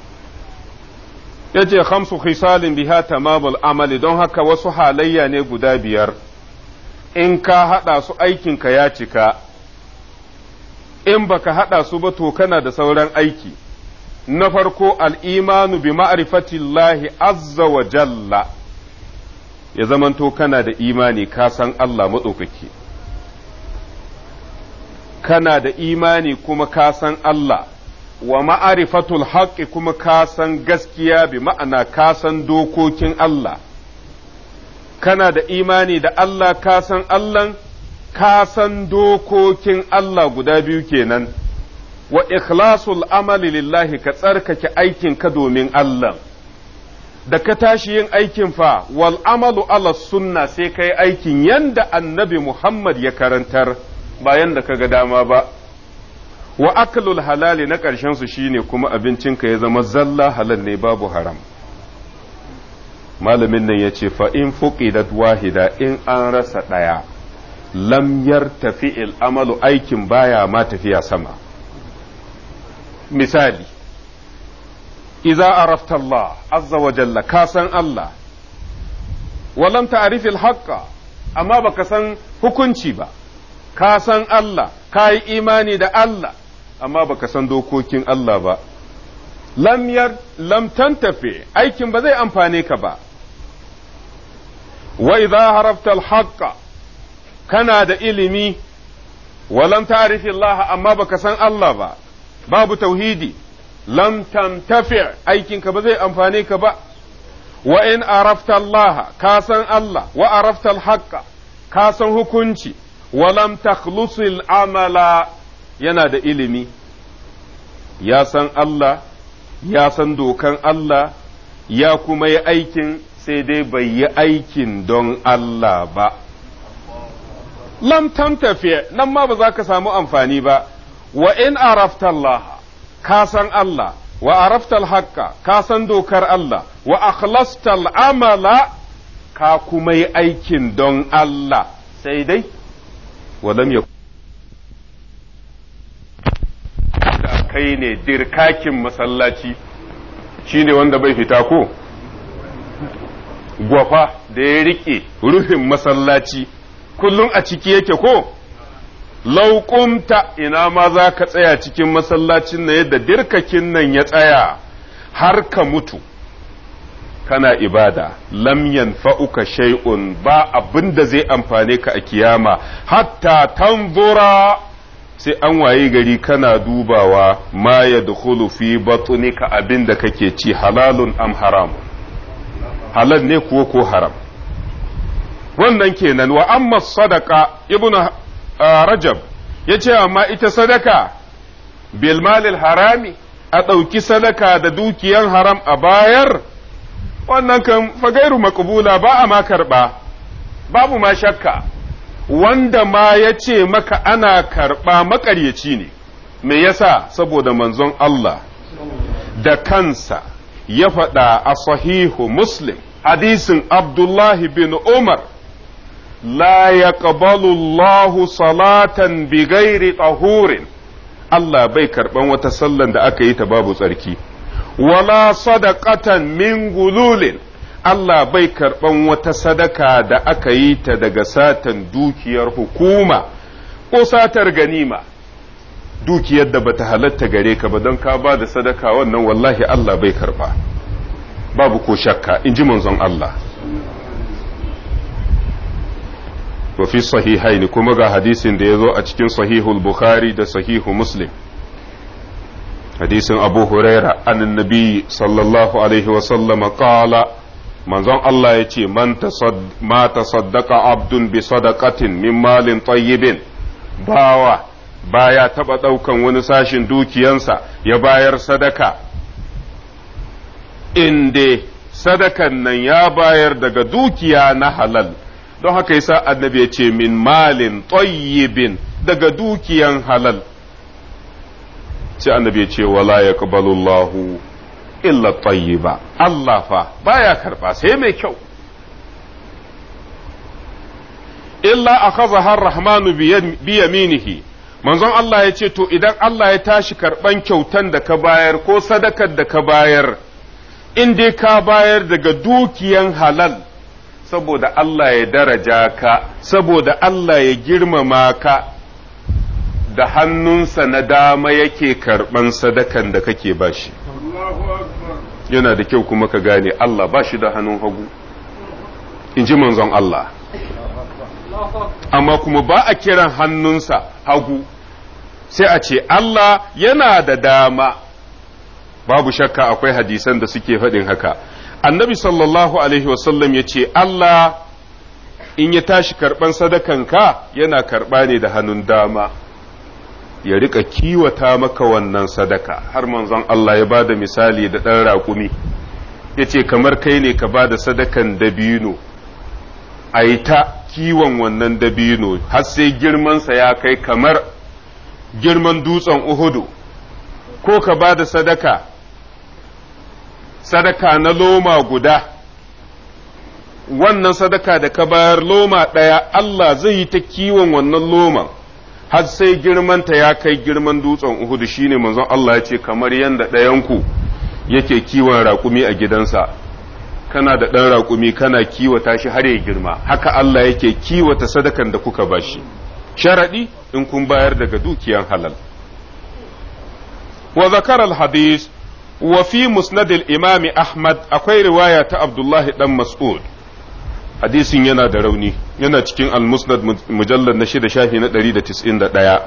ya ce hamsu khisalin biha tamamul amali don haka wasu halayya ne guda biyar in ka haɗa su aikinka ya cika in baka haɗa su ba to kana da sauran aiki na farko al'imanu bi ma'arifatillahi azza wa jalla ya zamanto kana da imani ka san Allah maɗaukaki kana da imani kuma ka san Allah wa ma'arifatul haƙƙi kuma ka san gaskiya bi ma'ana ka san dokokin Allah kana da imani da Allah ka san Allah ka san dokokin Allah guda biyu kenan wa ikhlasul amali lillahi ka tsarkake aikin ka domin Allah da ka tashi yin aikin fa wal amalu ala sunna sai kai aikin yanda annabi Muhammad ya karantar ba yanda ka ga dama ba wa aklul halali na ƙarshen su shine kuma abincinka ya zama zalla halal ne babu haram malamin nan ya ce fa in fuqidat wahida in an rasa ɗaya lam yartafi al'amalu aikin baya ma tafiya sama misali iza arafta Allah azza wa jalla ka san Allah walam ta'rifil haqqa amma baka san hukunci ba ka san Allah ka yi imani da Allah amma baka san dokokin Allah ba lam yar lam tantafi aikin ba zai amfane ka ba wa idza harafta al-haqqa kana da ilimi walam ta'rifi Allah amma baka san Allah ba babu tauhidi lam tamtafi aikinka ba zai amfane ka ba wa in arafta Allah ka san Allah wa arafta al ka san hukunci wa lam takhlusil amala yana da ilimi ya san Allah ya san dokan Allah ya kuma yi aikin sai dai bai yi aikin don Allah ba lam tamtafi nan ma ba za ka samu amfani ba wa in arafta Allah ka san Allah wa arafta al-haqqa ka san dokar Allah wa akhlasta al'amala amala ka kuma yi aikin don Allah sai dai wa lam da kai ne dirkakin masallaci shi ne wanda bai fita ko gwafa da ya riƙe rufin masallaci kullum a ciki yake ko lauƙumta ina ma za ka tsaya cikin masallacin na yadda dirkakin nan ya tsaya har ka mutu kana ibada lam yanfa'uka shay'un ba abinda zai amfane ka a kiyama hatta tanzura sai an waye gari kana dubawa ma ya dukulu fi batunika abin da kake ci halalun am haramun halal ne kuwa ko haram wannan kenan wa amma sadaka ibnu uh, rajab yace amma ita sadaka bil malil harami a ɗauki sadaka da dukiyan haram a bayar wannan kan fagairu makubula ba a ma karɓa babu ma shakka wanda ma ya ce maka ana karɓa makaryaci ne me yasa saboda manzon Allah da kansa ya faɗa a sahihu muslim hadisin abdullahi bin umar la yaqbalu Allahu salatan bigairi ghairi Allah bai karban wata sallan da aka yi ta babu tsarki wala sadaqatan mingululin. Allah bai karban wata sadaka da aka yi ta daga satan dukiyar hukuma ko satar ganima dukiyar da bata halarta gare ka ba don ka ba da sadaka wannan wallahi Allah bai karɓa. babu ko shakka in ji manzon Allah wa fi sahihaini kuma ga hadisin da ya zo a cikin sahihul bukhari da sahihu muslim hadisin abu huraira annabi sallallahu alaihi wasallama qala manzon Allah ya ce ma tasaddaqa abdun bi sadaqatin min malin tayyibin bawa baya taba daukan wani sashin dukiyansa ya bayar sadaka inde sadakan nan ya bayar daga dukiya na halal don haka yasa annabi ya ce min malin tayyibin daga dukiyan halal sai annabi ya ce wala yaqbalu Allahu illa tayyiba Allah fa baya karba sai mai kyau illa akhadha ar-rahmanu bi yaminihi manzon Allah ya ce to idan Allah ya tashi karban kyautan da ka bayar ko sadakar da ka bayar in dai ka bayar daga dukiyan halal saboda Allah ya daraja ka saboda Allah ya girmama ka da hannunsa na dama yake karɓan sadakan da kake bashi yana da kyau kuma ka gane Allah ba shi da hannun hagu in ji manzon Allah amma kuma ba a kiran hannunsa hagu sai a ce Allah yana da dama babu shakka akwai hadisan da suke faɗin haka annabi sallallahu alaihi wasallam ya ce Allah in ya tashi karɓan sadakanka yana karɓa ne da hannun dama ya rika kiwata maka wannan sadaka har manzon Allah ya ba da misali da ɗan raƙumi ya ce kamar kai ne ka ba da sadakan dabino a ta kiwon wannan dabino har sai girmansa ya kai kamar girman dutsen uhudu ko ka ba da sadaka sadaka na loma guda wannan sadaka da ka bayar loma ɗaya Allah zai yi ta kiwon wannan loman har sai girmanta ya kai girman dutsen Uhudu shine manzon Allah ya ce kamar yanda ɗayanku yake kiwon raƙumi a gidansa kana da ɗan raƙumi kana kiwata shi har ya girma haka Allah yake kiwata sadakan da kuka bashi sharaɗi in kun bayar daga dukiyan halal wa zakar al hadis Wafi fi imami ahmad akwai riwaya ta abdullahi dan mas'ud hadisin yana da rauni yana cikin al-musnad mujallad na shida shafi na 191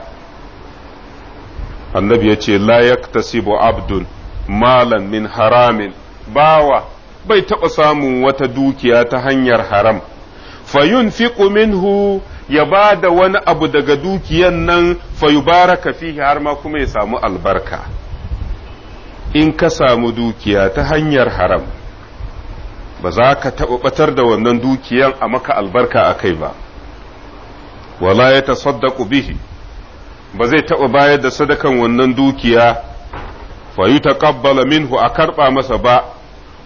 annabi ya ce la yaktasibu abdun malan min haramin bawa bai taɓa samun wata dukiya ta hanyar haram fayun minhu ya ba da wani abu daga dukiyan nan fayubaraka fihi har ma kuma ya samu albarka in ka samu dukiya ta hanyar haram ba za ka taɓa ɓatar da wannan dukiyan a maka albarka a kai ba wala ya ku bihi ba zai taɓa bayar da sadakan wannan dukiya fa yi taqabbala minhu a karɓa masa ba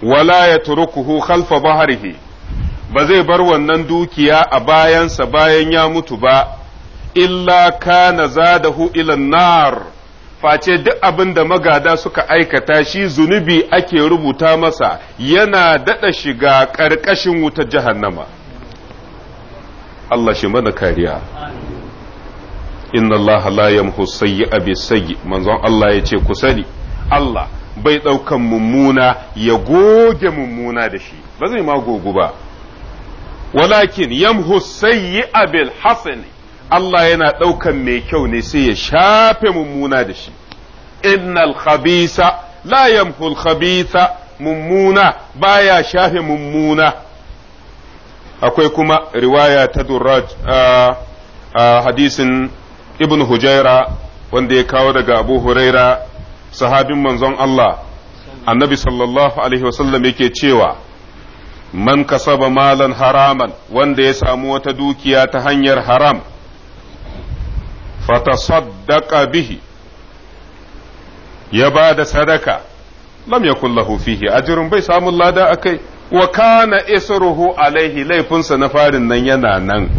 wala ya turukuhu khalfa baharihi ba zai bar wannan dukiya a bayansa bayan ya mutu ba illa kana zadahu ilan nar face duk abin da magada suka aikata shi zunubi ake rubuta masa yana daɗa shiga ƙarƙashin wutar jahannama Allah shi mana kariya inna Allah la yamhu sayyi'a bi sayyi manzon Allah ya ku sani Allah bai ɗaukan mummuna ya goge mummuna da shi ba zai ma gogu ba walakin yamhu sayyi'a bil hasani Allah yana ɗaukan mai kyau ne sai ya shafe mummuna da shi innal khabisa la yamhul khabisa mummuna baya shafe mummuna akwai kuma riwaya ta duraj a hadisin ibn hujaira wanda ya kawo daga abu huraira sahabin manzon Allah annabi sallallahu alaihi wasallam yake cewa man kasaba malan haraman wanda ya samu wata dukiya ta hanyar haram fatasaddaqa bihi ya ba da sadaka lam yakun lahu fihi ajrun bai samun lada a kai wa kana a alaihi laifinsa na farin nan yana nan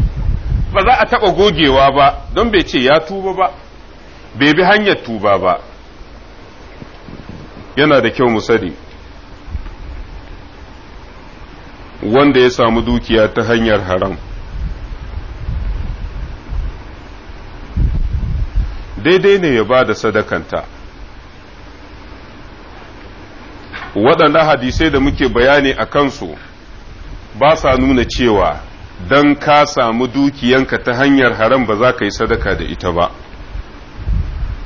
ba za a taɓa gogewa ba don bai ce ya tuba ba bai bi hanyar tuba ba yana da kyau mu sani wanda ya samu dukiya ta hanyar haram daidai ne ya ba da sadakanta waɗanda hadisai da muke bayani a kansu ba sa nuna cewa don ka samu dukiyanka ta hanyar haram ba za ka yi sadaka da ita ba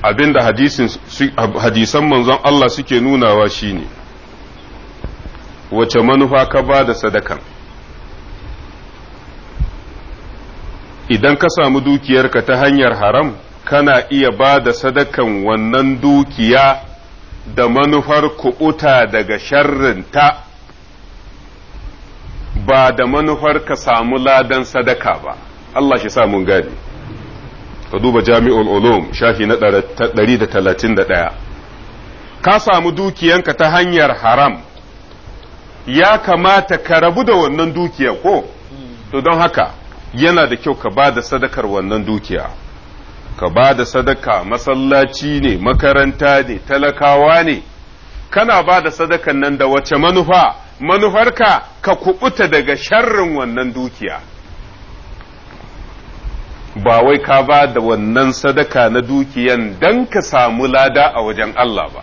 abinda hadisan manzon Allah suke nunawa shine wace manufa ka ba da sadakan idan ka samu dukiyarka ta hanyar haram kana iya ba da sadakan wannan dukiya da manufar kuɓuta daga sharrinta ba da manufar ka samu ladan sadaka ba Allah shi sa mun gane ka duba jami'ul ulum shafi na 131 ka samu dukiyanka ta hanyar haram ya kamata ka rabu da wannan dukiya ko to don haka yana da kyau ka ba da sadakar wannan dukiya ka ba da sadaka masallaci ne makaranta ne talakawa ne kana ba da sadakan nan da wace manufa manufarka ka kuɓuta daga sharrin wannan dukiya ba wai ka ba da wannan sadaka na dukiyan dan ka samu lada a wajen Allah ba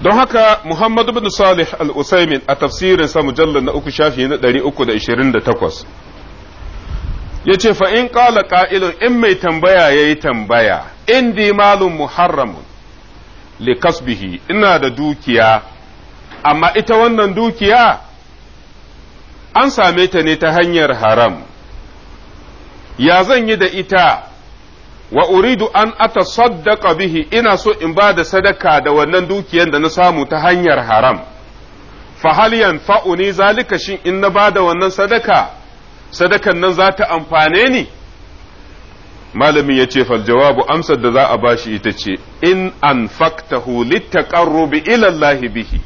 don haka Muhammadu bin Salih al-Usaimin a tafsirinsa mujallar na uku shafi na 328 ya ce fa in ƙala ƙa'ilun in mai tambaya ya yi tambaya in di malun muharramun li kasbihi ina da dukiya amma ita wannan dukiya an same ta ne ta hanyar haram ya zan yi da ita wa uridu an ata atasaddaqa bihi ina so in ba da sadaka da wannan dukiyan da na samu ta hanyar haram fa hal zalika shin in na ba da wannan sadaka sadakan nan za ta amfane ni malamin ya ce faljawabu amsar da za a bashi ita ce in an faktahu littaqarrubi ila ilallahi bihi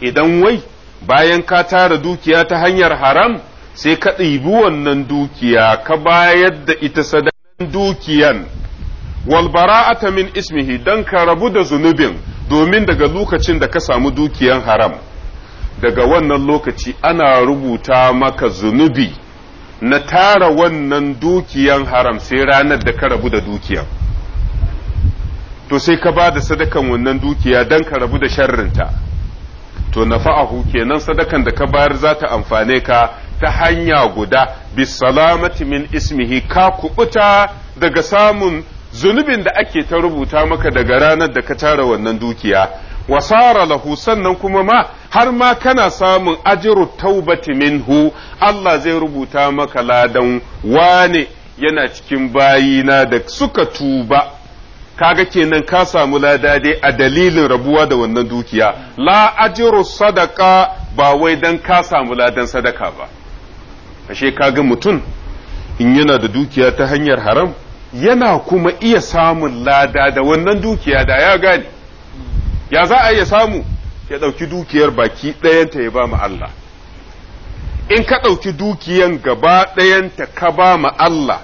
idan wai bayan ka tara dukiya ta hanyar haram sai ka ɗibi wannan dukiya ka bayar da ita sadakan dukiyan wal bara'ata min ismihi dan ka rabu da zunubin domin daga lokacin da ka samu dukiyan haram daga wannan lokaci ana rubuta maka zunubi na tara wannan dukiyan haram sai ranar da ka rabu da dukiyan to sai ka ba da sadakan wannan dukiya don ka rabu da sharrinta to na fa'ahu kenan sadakan da ka bayar za ta amfane ka ta hanya guda bisalamati min ismihi ka kubuta daga samun zunubin da ake ta rubuta maka daga ranar da ka tara wannan dukiya wa sara lahu sannan kuma ma har ma kana samun ajiru taubati minhu Allah zai rubuta maka ladan wane yana cikin bayina da suka tuba kaga kenan ka samu lada dai a dalilin rabuwa da wannan dukiya la ajiru sadaka ba wai dan ka samu ladan sadaka ba ashe kaga mutum in yana da dukiya ta hanyar haram yana kuma iya samun lada da wannan dukiya da ya gane ya za a iya samu ya ɗauki dukiyar baki ɗayanta ya ba mu Allah in ka ɗauki dukiyan gaba ɗayanta ka ba mu Allah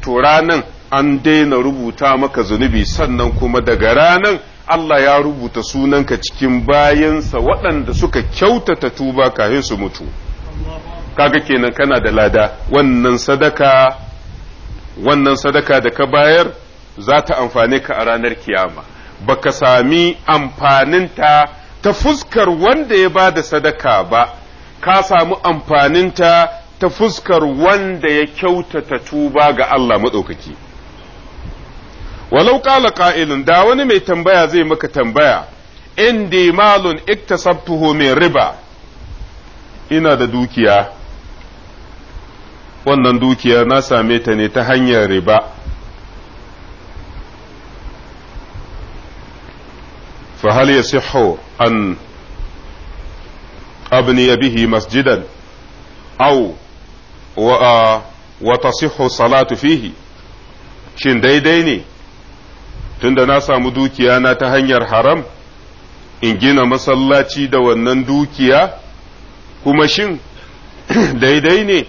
to ranan an daina rubuta maka zunubi sannan kuma daga ranan Allah ya rubuta sunanka cikin bayansa waɗanda suka kyautata tuba kafin su mutu kaga kenan kana da lada wannan sadaka wannan sadaka da ka bayar za ta amfane ka a ranar kiyama baka sami amfaninta ta fuskar wanda ya ba da sadaka ba ka sami amfaninta ta fuskar wanda ya kyautata tuba ga Allah maɗaukaki walau ƙala ƙa'ilin da wani mai tambaya zai maka tambaya indi malun iktasabtuhu mai riba ina da dukiya wannan dukiya na same ta ne ta hanyar riba فهل يصح أن أبني به مسجدا أو وتصح الصلاة فيه shin daidai ne tunda na samu dukiya na ta hanyar haram in gina masallaci da wannan dukiya kuma shin daidai ne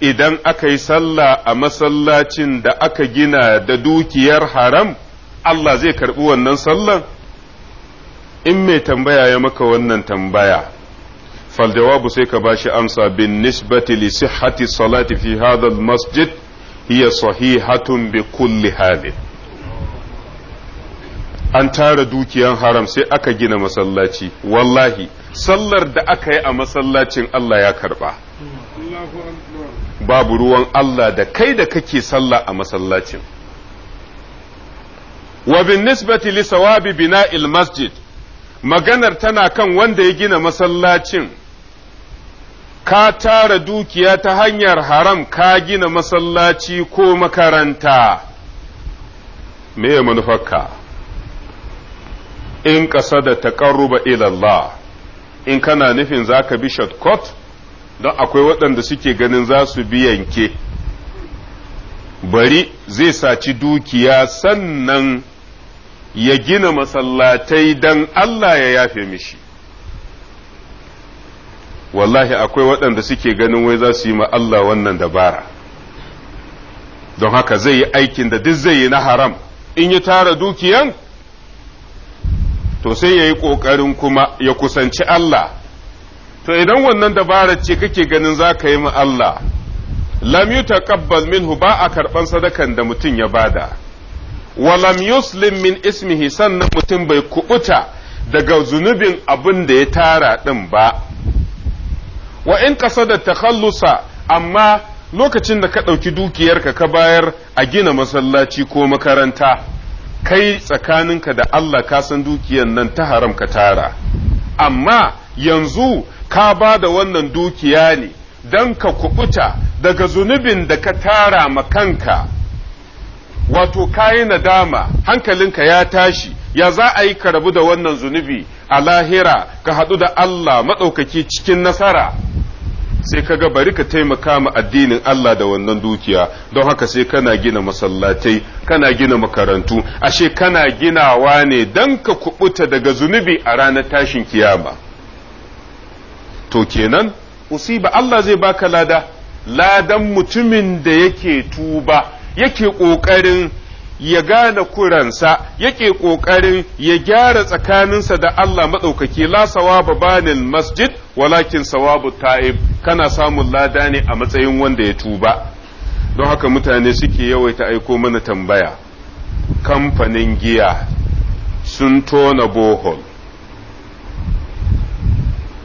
idan aka yi sallah a masallacin da aka gina da dukiyar haram Allah zai karɓi wannan sallan in mai tambaya ya maka wannan tambaya faljawabu sai ka bashi amsa bin nisbati li sihhati salati fi hadha masjid hiya sahihatun bi kulli halin an tara dukiyan haram sai aka gina masallaci wallahi sallar da aka yi a masallacin Allah ya karba babu ruwan Allah da kai da kake sallah a masallacin wa bin nisbati li sawabi bina'il masjid maganar tana kan wanda ya gina masallacin ka tara dukiya ta hanyar haram ka gina masallaci ko makaranta me ya manufarka in ƙasa da ta taƙarruba ilallah in kana nufin za ka bi shortcut don akwai waɗanda suke ganin za su bi yanke bari zai saci dukiya sannan ya gina masallatai dan Allah ya yafe mishi wallahi akwai waɗanda suke ganin wai za su yi ma Allah wannan dabara don haka zai yi aikin da duk zai yi na haram in ya tara dukiyan to sai ya yi ƙoƙarin kuma ya kusanci Allah to idan wannan dabara ce kake ganin za ka yi ma Allah lam yutaqabbal minhu ba a karɓan sadakan da mutum ya bada walam yuslim min ismihi sannan mutum bai kubuta daga zunubin abin da ya tara ɗin ba wa in ƙasa da takhallusa amma lokacin da ka ɗauki dukiyarka ka bayar a gina masallaci ko makaranta kai tsakaninka da Allah ka san dukiyar nan ta haram ka tara amma yanzu ka ba da wannan dukiya ne don ka kubuta daga zunubin da ka tara ma kanka wato kayi nadama hankalinka ya tashi ya za a yi ka rabu da wannan zunubi a lahira ka haɗu da Allah maɗaukaki cikin nasara sai ka ga bari ka taimaka ma addinin Allah da wannan dukiya don haka sai kana gina masallatai kana gina makarantu ashe kana ginawa ne don ka kubuta daga zunubi a ranar tashin kiyama to kenan usiba Allah zai baka lada ladan mutumin da yake tuba yake ƙoƙarin ya gane kuransa yake ƙoƙarin ya gyara tsakaninsa da Allah maɗaukaki la sawabu banil masjid walakin sawabu ta'ib kana samun lada ne a matsayin wanda ya tuba don haka mutane suke yawaita aiko mana tambaya kamfanin giya sun tona bohol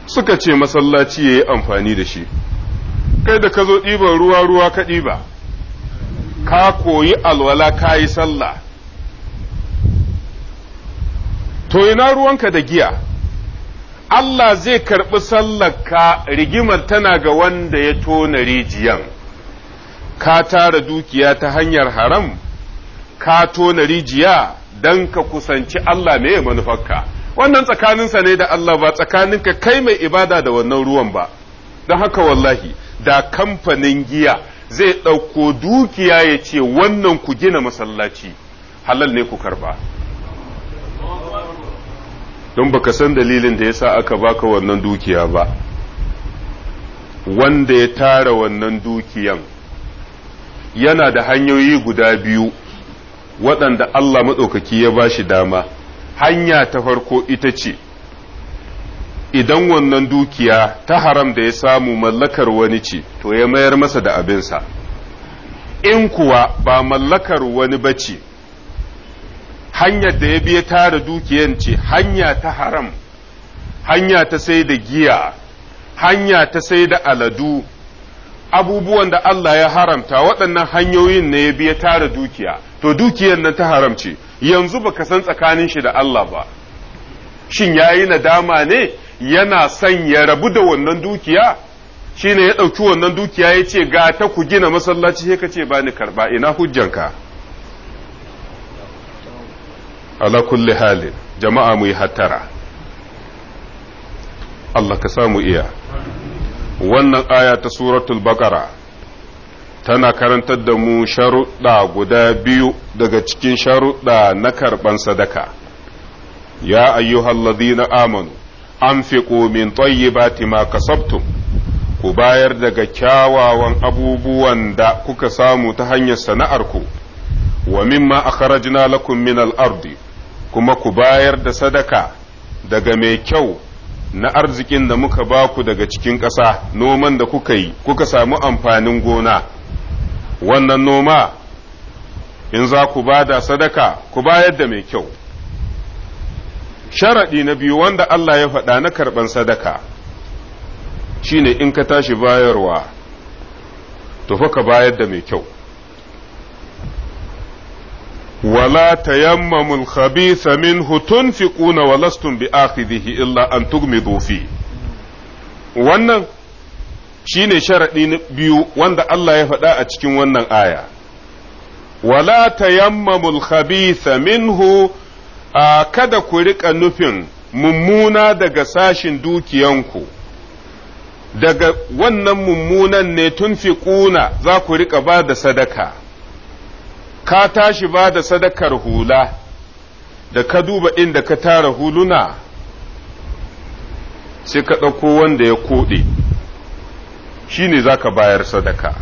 suka ce masallaci ya yi amfani da shi kai da ka zo ɗiban ruwa ruwa ka ɗiba ka koyi alwala ka yi sallah to ina ruwanka da giya Allah zai karɓi sallarka rigimar tana ga wanda ya tona rijiyan ka tara dukiya ta hanyar haram ka tona rijiya don ka kusanci Allah me ya manufarka wannan tsakaninsa ne da Allah ba tsakaninka kai mai ibada da wannan ruwan ba don haka wallahi da kamfanin giya zai ɗauko dukiya ya ce wannan ku gina masallaci halal ne ku karba don baka san dalilin da yasa aka baka wannan dukiya ba wanda ya tara wannan dukiyan yana da hanyoyi guda biyu waɗanda Allah matsokaki ya ba shi dama hanya ta farko ita ce idan wannan dukiya ta haram da ya samu mallakar wani ce to ya mayar masa da abinsa in kuwa ba mallakar wani ba ce hanyar da ya biya tara dukiyan ce hanya ta haram hanya ta sai da giya hanya ta sai da aladu abubuwan da Allah ya haramta waɗannan hanyoyin ne ya biya tara dukiya to dukiyan nan ta haram ce yanzu baka san tsakanin shi da Allah ba shin yayi nadama ne yana son ya rabu da wannan dukiya shine ya ɗauki wannan dukiya ya ce ga ta ku gina masallaci sai ka ce ba ni karɓa ina hujjanka ala kulli halin jama'a mu yi hattara Allah ka samu iya wannan aya ta suratul bakara tana karantar da mu sharuɗa guda biyu daga cikin sharuɗa na karɓan sadaka ya ayyuhal ladina amanu anfiqu min tayyibati ma kasabtum ku bayar daga kyawawan abubuwan da kuka samu ta hanyar sana'arku wa mimma akhrajna lakum min al-ardi kuma ku bayar da sadaka daga mai kyau na arzikin da muka ba ku daga cikin ƙasa noman da kuka yi kuka samu amfanin gona wannan noma in za ku ba da sadaka ku bayar da mai kyau sharaɗi na biyu wanda Allah ya faɗa na karɓan sadaka shine in ka tashi bayarwa to fa ka bayar da mai kyau wala tayammamul khabitha minhu tunfiquna wa lastum illa an tughmidu fi wannan shine sharaɗi na biyu wanda Allah ya faɗa a cikin wannan aya wala tayammamul khabitha minhu a kada ku riƙa nufin mummuna daga sashin dukiyanku daga wannan mummunan ne tun fi ƙuna za ku riƙa ba da sadaka ka tashi ba da sadakar hula da ka duba inda ka tara huluna sai ka ɗauko wanda ya koɗe shi ne za ka bayar sadaka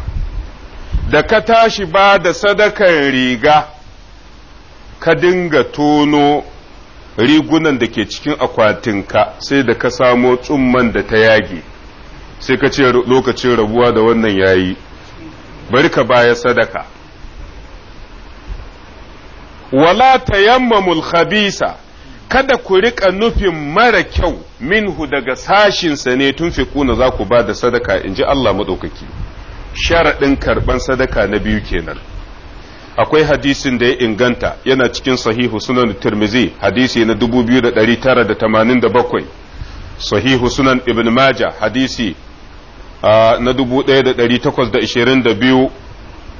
da ka tashi ba da sadakar riga ka dinga tono rigunan da ke cikin akwatinka sai da ka samo tsumman da ta yage sai ka ce lokacin rabuwa da wannan yayi bari ka baya sadaka wala tayammamul khabisa kada ku riƙa nufin mara kyau minhu daga sashinsa ne tun kuna za ku ba da sadaka in ji Allah maɗaukaki sharaɗin karɓan sadaka na biyu kenan akwai hadisin da ya inganta yana cikin sahihu sunan tirmizi hadisi na 2987 sahihu sunan ibn maja hadisi na 1822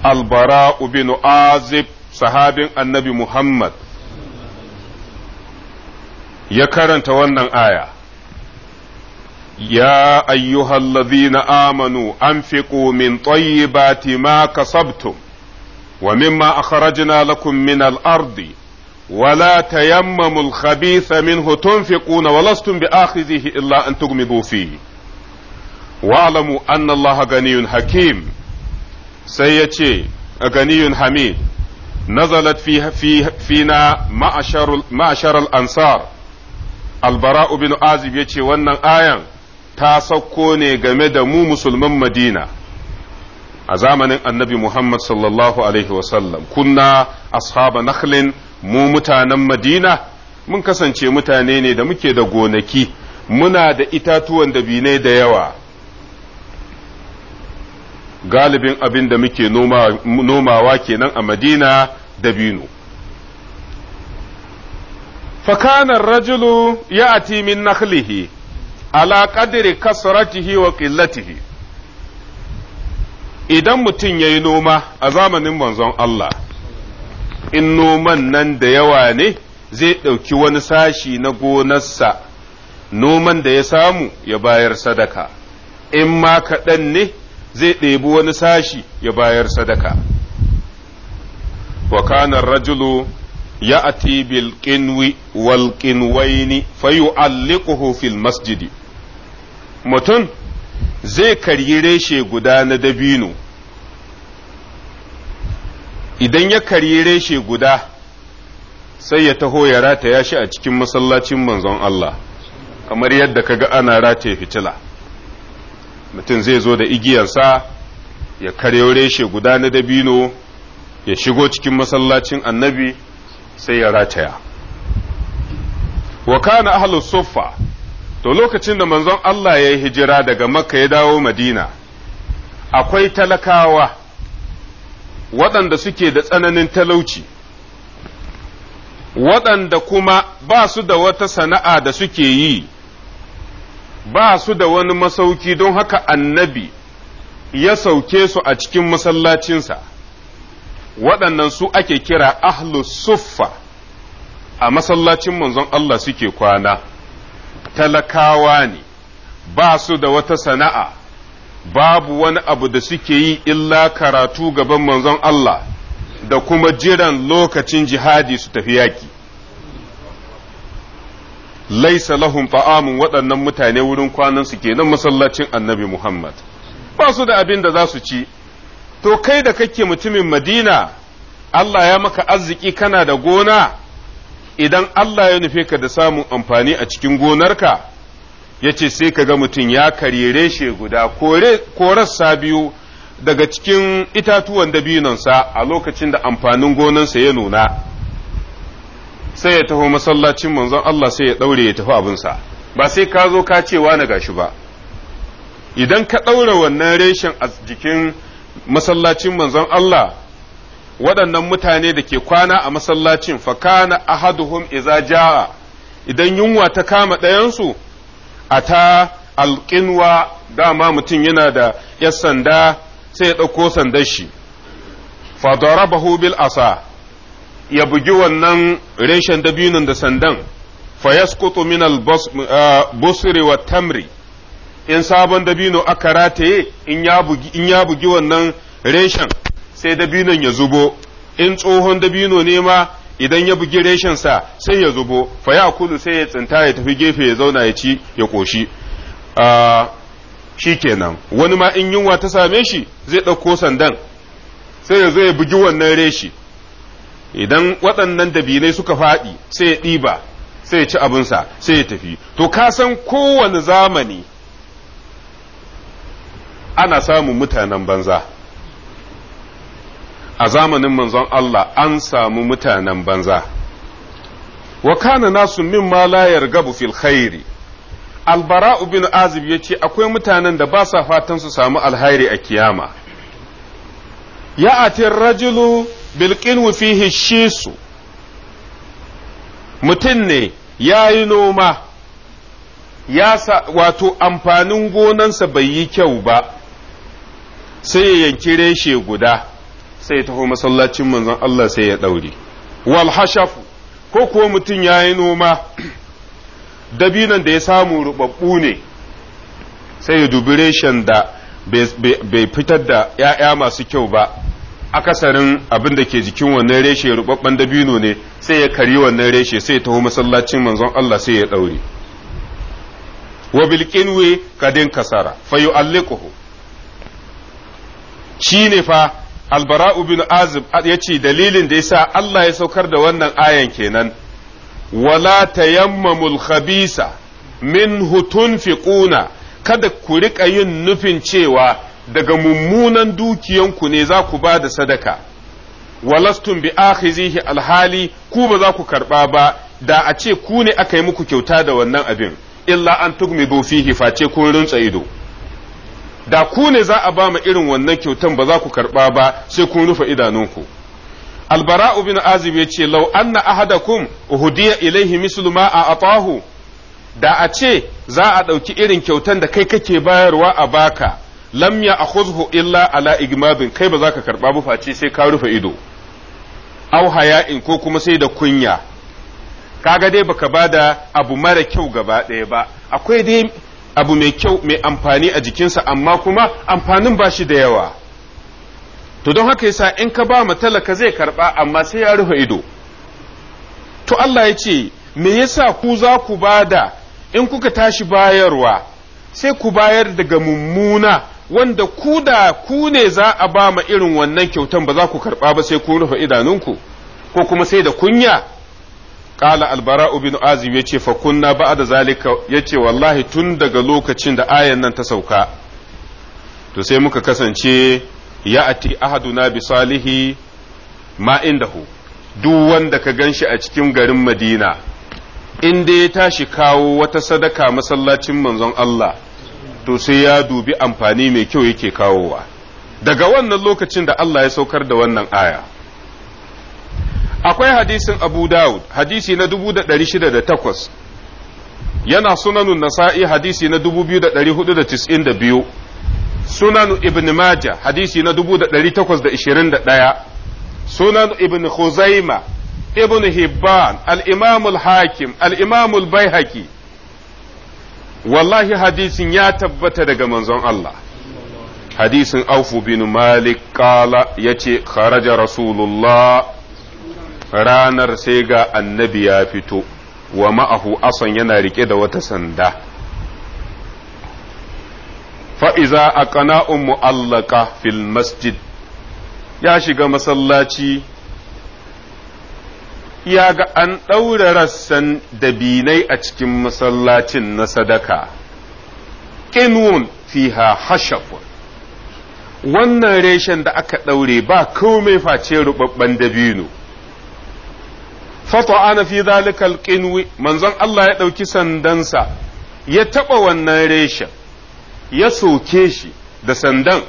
albara bin azib sahabin annabi muhammad ya karanta wannan aya Ya أيها الذين آمنوا أنفقوا من طيبات ma kasabtum ومما أخرجنا لكم من الأرض ولا تيمموا الخبيث منه تنفقون ولستم بآخذه إلا أن تغمضوا فيه واعلموا أن الله غني حكيم سيتي غني حميد نزلت في في فينا معشر معشر الأنصار البراء بن عازب يتي ونن آيان ta sauko ne game da mu musulman Madina a zamanin annabi Muhammad sallallahu Alaihi wasallam kunna ashaba nakhlin mu mutanen Madina mun kasance mutane ne da muke da gonaki muna da itatuwan da dabinai da yawa galibin abin da muke nomawa kenan a Madina dabino fakanan rajulu ya ati min nakhlihi ala kadiri kasratihi wa qillatihi idan mutum ya yi noma a zamanin manzon Allah in noman nan da yawa ne zai ɗauki wani sashi na gonarsa noman da ya samu ya bayar sadaka in ma kaɗan ne zai ɗebi wani sashi ya bayar sadaka wa rajulu ya bil qinwi wal fayu fil masjidi mutum zai karyi reshe guda na dabino idan ya karyi reshe guda sai ya taho ya rataya shi a cikin masallacin manzon Allah kamar yadda kaga ana rataye fitila mutum zai zo da igiyarsa ya karyo reshe guda na dabino ya shigo cikin masallacin annabi sai ya rataya wa kana ahlus suffa to lokacin da manzon Allah ya yi hijira daga makka ya dawo madina akwai talakawa waɗanda suke da tsananin talauci waɗanda kuma ba su da wata sana'a da suke yi ba su da wani masauki don haka annabi ya sauke su a cikin masallacinsa waɗannan su ake kira ahlus suffa a masallacin manzon Allah suke kwana talakawa ne ba su da wata sana'a babu wani abu da suke yi illa karatu gaban manzon Allah da kuma jiran lokacin jihadi su tafi yaki laisa lahum ta'amun waɗannan mutane wurin kwanan kwanansu kenan masallacin annabi Muhammad ba su da abin da za su ci to kai da kake mutumin Madina Allah ya maka arziki kana da gona idan Allah ya nufe ka da samun amfani a cikin gonarka ya ce sai ka ga mutum ya karye reshe guda korarsa biyu daga cikin itatuwan dabinonsa a lokacin da amfanin gonansa ya nuna sai ya taho masallacin manzon Allah sai ya ɗaure ya tafi abinsa ba sai ka zo ka cewa na gashi ba idan ka ɗaura wannan reshen a jikin masallacin manzon Allah waɗannan mutane da ke kwana a masallacin fakana ahaduhum iza ja'a idan yunwa ta kama ɗayansu a ta alƙinwa dama mutum yana da 'yan sanda sai ya ɗauko sandar shi bahu bil asa ya bugi wannan reshen dabinin da sandan fayaskutu min al eh, busri wa tamri in sabon dabino aka rataye in ya bugi wannan reshen sai dabinon ya zubo in tsohon dabino ne ma idan ya bugi reshensa sai ya zubo fa ya kulu sai ya tsinta ya tafi gefe ya zauna ya ci ya ƙoshi. Ah, shi kenan wani ma in yunwa ta same shi zai ɗauko sandan sai ya zo ya bugi wannan reshi idan waɗannan dabinai suka faɗi sai ya ɗiba sai ya ci abinsa sai ya tafi to ka san kowane zamani ana samun mutanen banza a zamanin manzon Allah an samu mutanen banza wa kana nasu ma la yargabu fil khairi albara'u bin azib yace akwai mutanen da ba sa fatan su samu alhairi a kiyama ya ati rajulu bil qinwi fihi shisu mutum ne yayi noma ya sa wato amfanin gonansa bai yi kyau ba sai ya yanki reshe guda sai taho masallacin manzon Allah sai ya ɗaure wal ko kuwa mutum ya yi noma dabinan da ya samu rubabbu ne sai ya dubi reshen da bai fitar da ‘ya'ya masu kyau ba akasarin abin da ke jikin wannan reshe rubabban dabino ne sai ya kari wannan reshe sai ya taho masallacin manzon Allah sai ya ɗaure wa bilkinwe kadin kasara fayu allikuhu shi ne fa albara'u bin azib ya ce dalilin da ya sa Allah ya saukar da wannan ayan kenan wala tayammamul khabisa hutun tunfiquna kada ku riƙa yin nufin cewa daga mummunan dukiyanku ne za ku ba da sadaka walastun bi akhizihi alhali ku ba za ku karɓa ba da a ce ku ne aka yi muku kyauta da wannan abin illa an tugmidu fihi face kun rintsa ido da ku ne za a ba mu irin wannan kyautan ba za ku karba ba sai kun rufe idanunku Albara bin azib ya ce lau anna ahadakum uhudiya ilaihi mislu ma a atahu da a ce za a ɗauki irin kyautan da kai kake bayarwa a baka lam ya akhuzhu illa ala igmabin kai ba za ka karba ba face sai ka rufe ido au haya'in ko kuma sai da kunya kaga dai baka bada abu mara kyau gaba ɗaya ba akwai dai abu mai kyau mai amfani a jikinsa amma kuma amfanin ba shi da yawa to don haka yasa in ka ba talaka zai karɓa amma sai ya rufe ido to Allah ya ce me yasa ku za ku ba da in kuka tashi bayarwa sai ku bayar daga mummuna wanda ku da ku ne za a ba ma irin wannan kyautan ba za ku karɓa ba sai ku rufe idanunku ko kuma sai da kunya Ƙala albara ibn azib yace fakunna kunna da zalika yace wallahi tun daga lokacin da ayan nan ta sauka to sai muka kasance ya ati ahaduna bi salihi ma indahu duk wanda ka ganshi a cikin garin madina in dai ya tashi kawo wata sadaka masallacin manzon Allah to sai ya dubi amfani mai kyau yake kawowa daga wannan lokacin da Allah ya saukar da wannan aya akwai hadisin abu dawud hadisi na 1608 yana sunanun nasa'i hadisi na 2492 sunan ibn maja hadisi na 1821 sunan ibn khuzaima ibn hibban al-imam al-hakim al-imam al-baihaqi wallahi hadisin ya tabbata daga manzon Allah hadisin aufu bin malik kala yace kharaja rasulullah ranar sai ga annabi ya fito wa ma'ahu asan yana rike da wata sanda fa'iza a ƙana'un mu'allaka fil masjid ya shiga masallaci ya ga an ɗaura rassan dabinai a cikin masallacin na sadaka ƙinun fiha hashafun wannan reshen da aka ɗaure ba komai face rubabban dabino fata'ana fi zalikal qinwi manzon Allah ya ɗauki sandansa ya taɓa wannan reshen ya soke shi da sandan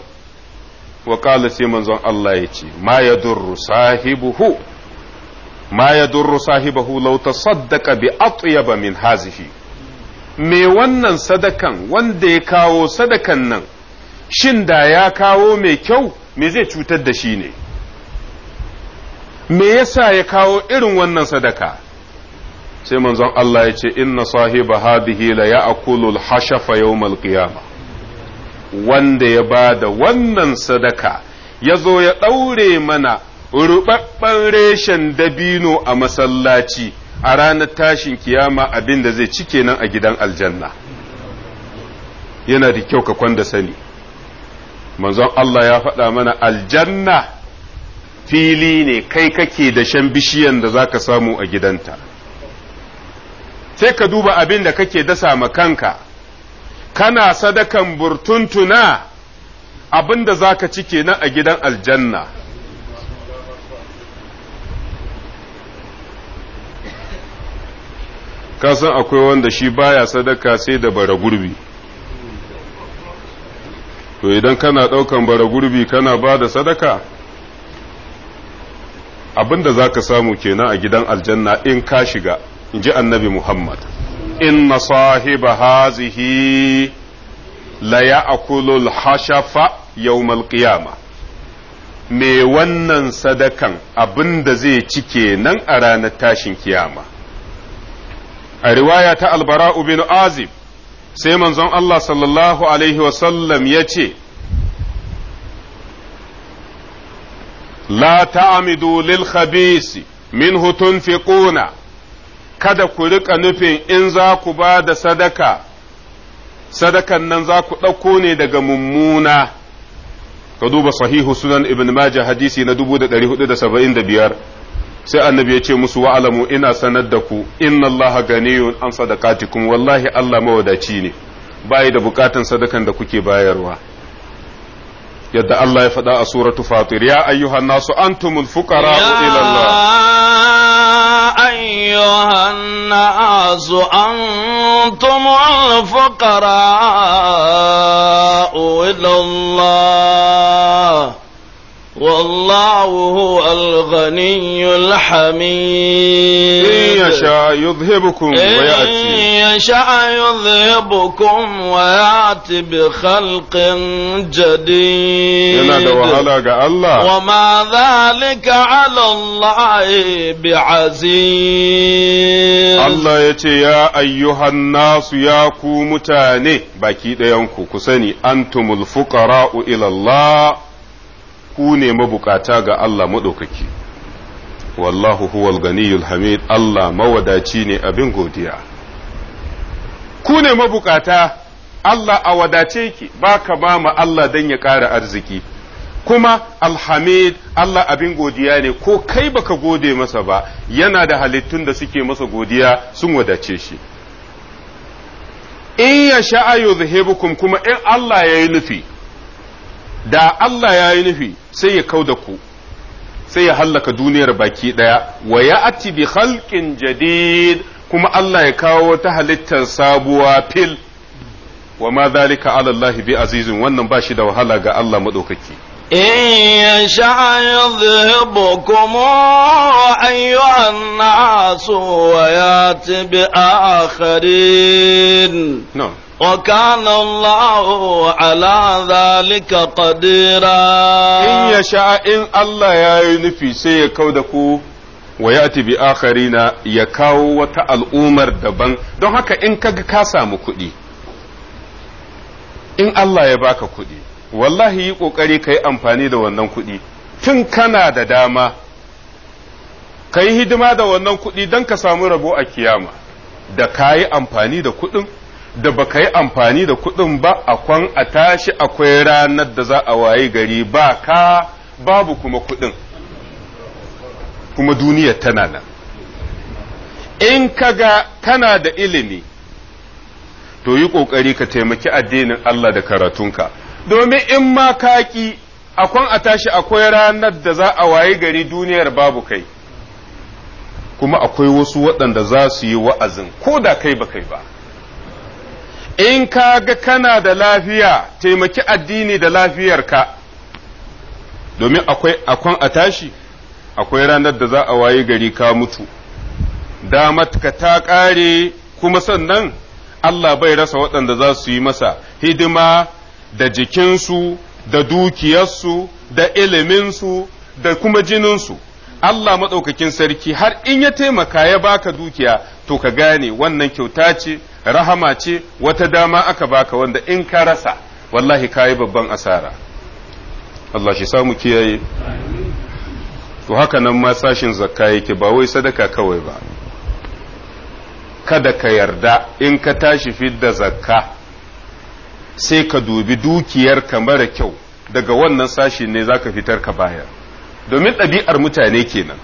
wa qala sai manzon Allah ya ce ma yadurru sahibuhu ma yadurru sahibahu law tasaddaqa bi atyaba min hazihi me wannan sadakan wanda ya kawo sadakan nan shin da ya kawo mai kyau me zai cutar da shi ne me yasa ya kawo irin wannan sadaka sai manzon Allah ya ce inna sahiba hadhihi la ya'kulu al-hashafa yawm al wanda ya bada wannan sadaka ya zo ya daure mana rubabban reshen dabino a masallaci a ranar tashin kiyama abinda zai cike nan a gidan aljanna yana da kyau ka kwanda sani manzon Allah ya faɗa mana aljanna fili ne kai kake da shan bishiyan da za ka samu a gidanta sai ka duba abin da kake dasa ma kanka kana sadakan burtuntuna abin da za ka cike kenan a gidan aljanna ka san akwai wanda shi baya sadaka sai da bara gurbi to idan kana ɗaukan bara gurbi kana ba da sadaka abinda zaka samu kenan a gidan aljanna in ka shiga in ji annabi muhammad inna sahiba hazihi la ya'kulul hashafa yawmal qiyama me wannan sadakan abinda zai ci kenan a ranar tashin kiyama a riwaya ta albara'u bin azib sai manzon Allah sallallahu alaihi wasallam ya ce la ta'amidu للخبيث منه تنفقون kada ku rika nufin in za ku ba da sadaka sadakan nan za ku ɗauko ne daga mummuna ka duba sahihu sunan ibn majah hadisi na 1475 sai annabi ya ce musu wa'alamu ina sanar da ku inna Allah ganiyun an sadaqatikum wallahi Allah mawadaci ne bai da bukatan sadakan da kuke bayarwa يد الله يفدى سورة فاطر يا أيها الناس أنتم الفقراء إلى الله يا أيها الناس أنتم الفقراء إلى الله والله هو الغني الحميد إن يشاء يذهبكم ويأتي إن يشاء يذهبكم ويأتي بخلق جديد الله وما ذلك على الله بعزيز الله يتي يا أيها الناس يا كو متاني باكي ديانكو كسني أنتم الفقراء إلى الله ku ne mabukata ga Allah maɗaukaki wallahu huwal ganiyul hamid Allah mawadaci ne abin godiya ku ne mabukata Allah a wadace ki ba ka ba ma Allah dan ya ƙara arziki kuma alhamid Allah abin godiya ne ko kai baka gode masa ba yana da halittun da suke masa godiya sun wadace shi in ya sha'a yuzhibukum kuma in Allah ya yi nufi da Allah ya yi nufi sai ya kau da ku sai ya hallaka duniyar baki ɗaya wa ya ati bi khalqin jadid kuma Allah ya kawo ta halittar sabuwa fil wa ma zalika ala Allah bi azizin wannan ba shi da wahala ga Allah madaukaki in yasha yadhhibukum ayyuha an وكان in على ذلك قديرا إن يشاء إن الله يا ينفي سيكو دكو ويأتي بآخرين يكاو وتا الأمر دبن دون هكا إن ka samu kuɗi. in Allah ya baka kuɗi wallahi yi ƙoƙari ka yi amfani da wannan kuɗi tun kana da dama ka yi hidima da wannan kuɗi don ka samu rabo a kiyama da ka yi amfani da kuɗin da ba ka yi amfani da kuɗin ba a kwan a tashi akwai ranar da za a waye gari ba ka babu kuma kuɗin kuma duniya tana nan in ka ga kana da ilimi to yi ƙoƙari ka taimaki addinin Allah da karatunka domin in ma kaki kwan a tashi akwai ranar da za a waye gari duniyar babu kai kuma akwai wasu waɗanda za su yi wa'azin ko da kai ba kai ba in ka ga kana da lafiya taimaki addini da lafiyar ka. domin akwai akon a tashi akwai ranar da za a wayi gari ka mutu damatka ta ƙare kuma sannan Allah bai rasa waɗanda za su yi masa hidima da jikinsu da dukiyarsu da iliminsu da kuma jininsu Allah maɗaukakin sarki har in ya taimaka ya baka dukiya to ka gane wannan kyauta ce rahama ce wata dama aka baka wanda in ka rasa wallahi kayi babban asara Allah shi samu kiyaye to haka nan ma sashin zakka yake ba wai sadaka kawai ba kada ka yarda in ka tashi fidda zakka sai ka dubi dukiyar ka mara kyau daga wannan sashi ne zaka fitar ka bayar domin ɗabi'ar mutane kenan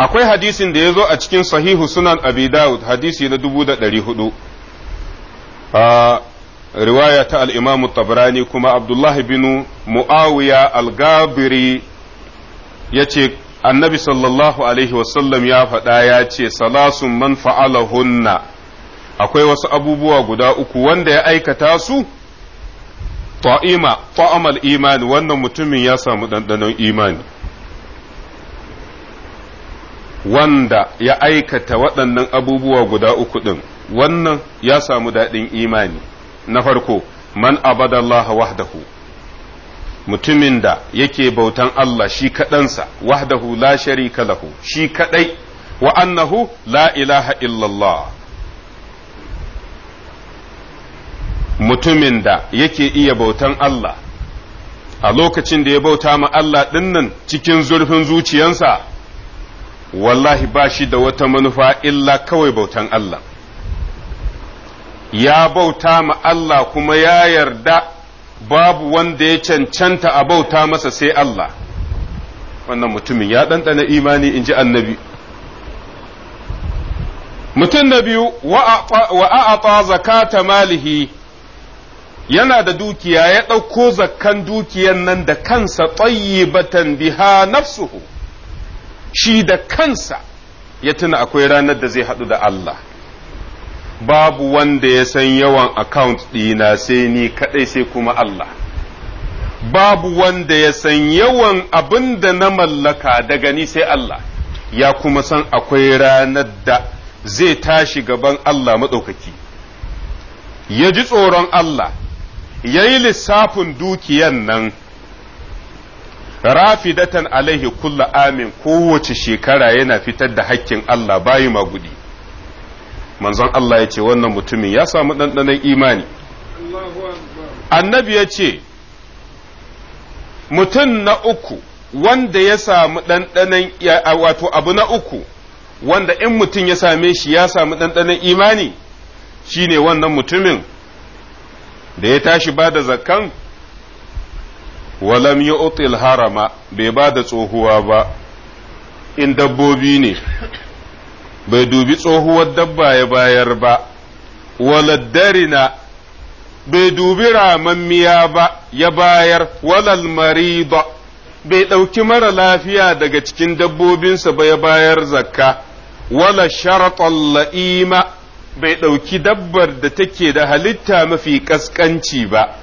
akwai hadisin da ya zo a cikin sahihu sunan abi dawud hadisi na dubu da ɗari hudu a riwaya ta al'imamu tabrani kuma abdullahi bin mu'awiya al-gabiri ya ce annabi sallallahu alaihi wasallam ya faɗa ya ce salasun man fa'alahunna akwai wasu abubuwa guda uku wanda ya aikata su ta'ima ta'amal imani wannan mutumin ya samu ɗanɗanon imani wanda ya aikata waɗannan abubuwa guda uku ɗin wannan ya samu daɗin imani na farko man abadallaha wahdahu mutumin da yake bautan Allah shi kaɗansa wahdahu la sharika lahu shi kaɗai wa annahu la ilaha illallah mutumin da yake iya bautan Allah a lokacin da ya bauta ma Allah ɗinnan cikin zurfin zuciyansa wallahi ba shi da wata manufa illa kawai bautan Allah ya bauta ma Allah kuma ya yarda babu wanda ya cancanta a bauta masa sai Allah wannan mutumin ya ɗanɗana imani in ji annabi mutum na biyu wa'a'ata zakata malihi yana da dukiya ya ɗauko zakkan dukiyan nan da kansa tsayi batan biha nafsuhu shi da kansa ya tuna akwai ranar da zai haɗu da Allah babu wanda ya san yawan account ɗina sai ni kaɗai sai kuma Allah babu wanda ya san yawan abin da na mallaka daga ni sai Allah ya kuma san akwai ranar da zai tashi gaban Allah maɗaukaki ya ji tsoron Allah ya yi lissafin dukiyan nan rafidatan alaihi kulla amin kowace shekara yana fitar da hakkin Allah bayi magudi manzon Allah ya wannan mutumin ya samu ɗanɗanon imani annabi ya ce mutum na uku wanda ya samu ɗanɗanon wato abu na uku wanda in mutum ya same shi ya samu ɗanɗanon imani shine wannan mutumin da ya tashi ba da zakan walam yu'til harama bai ba da tsohuwa ba in dabbobi ne bai dubi tsohuwar dabba ya bayar ba walad darina bai dubi ramammiya ba ya bayar walal marida bai ɗauki mara lafiya daga cikin dabbobinsa ba ya bayar zakka wala sharaton la'ima bai ɗauki dabbar da take da halitta mafi ƙasƙanci ba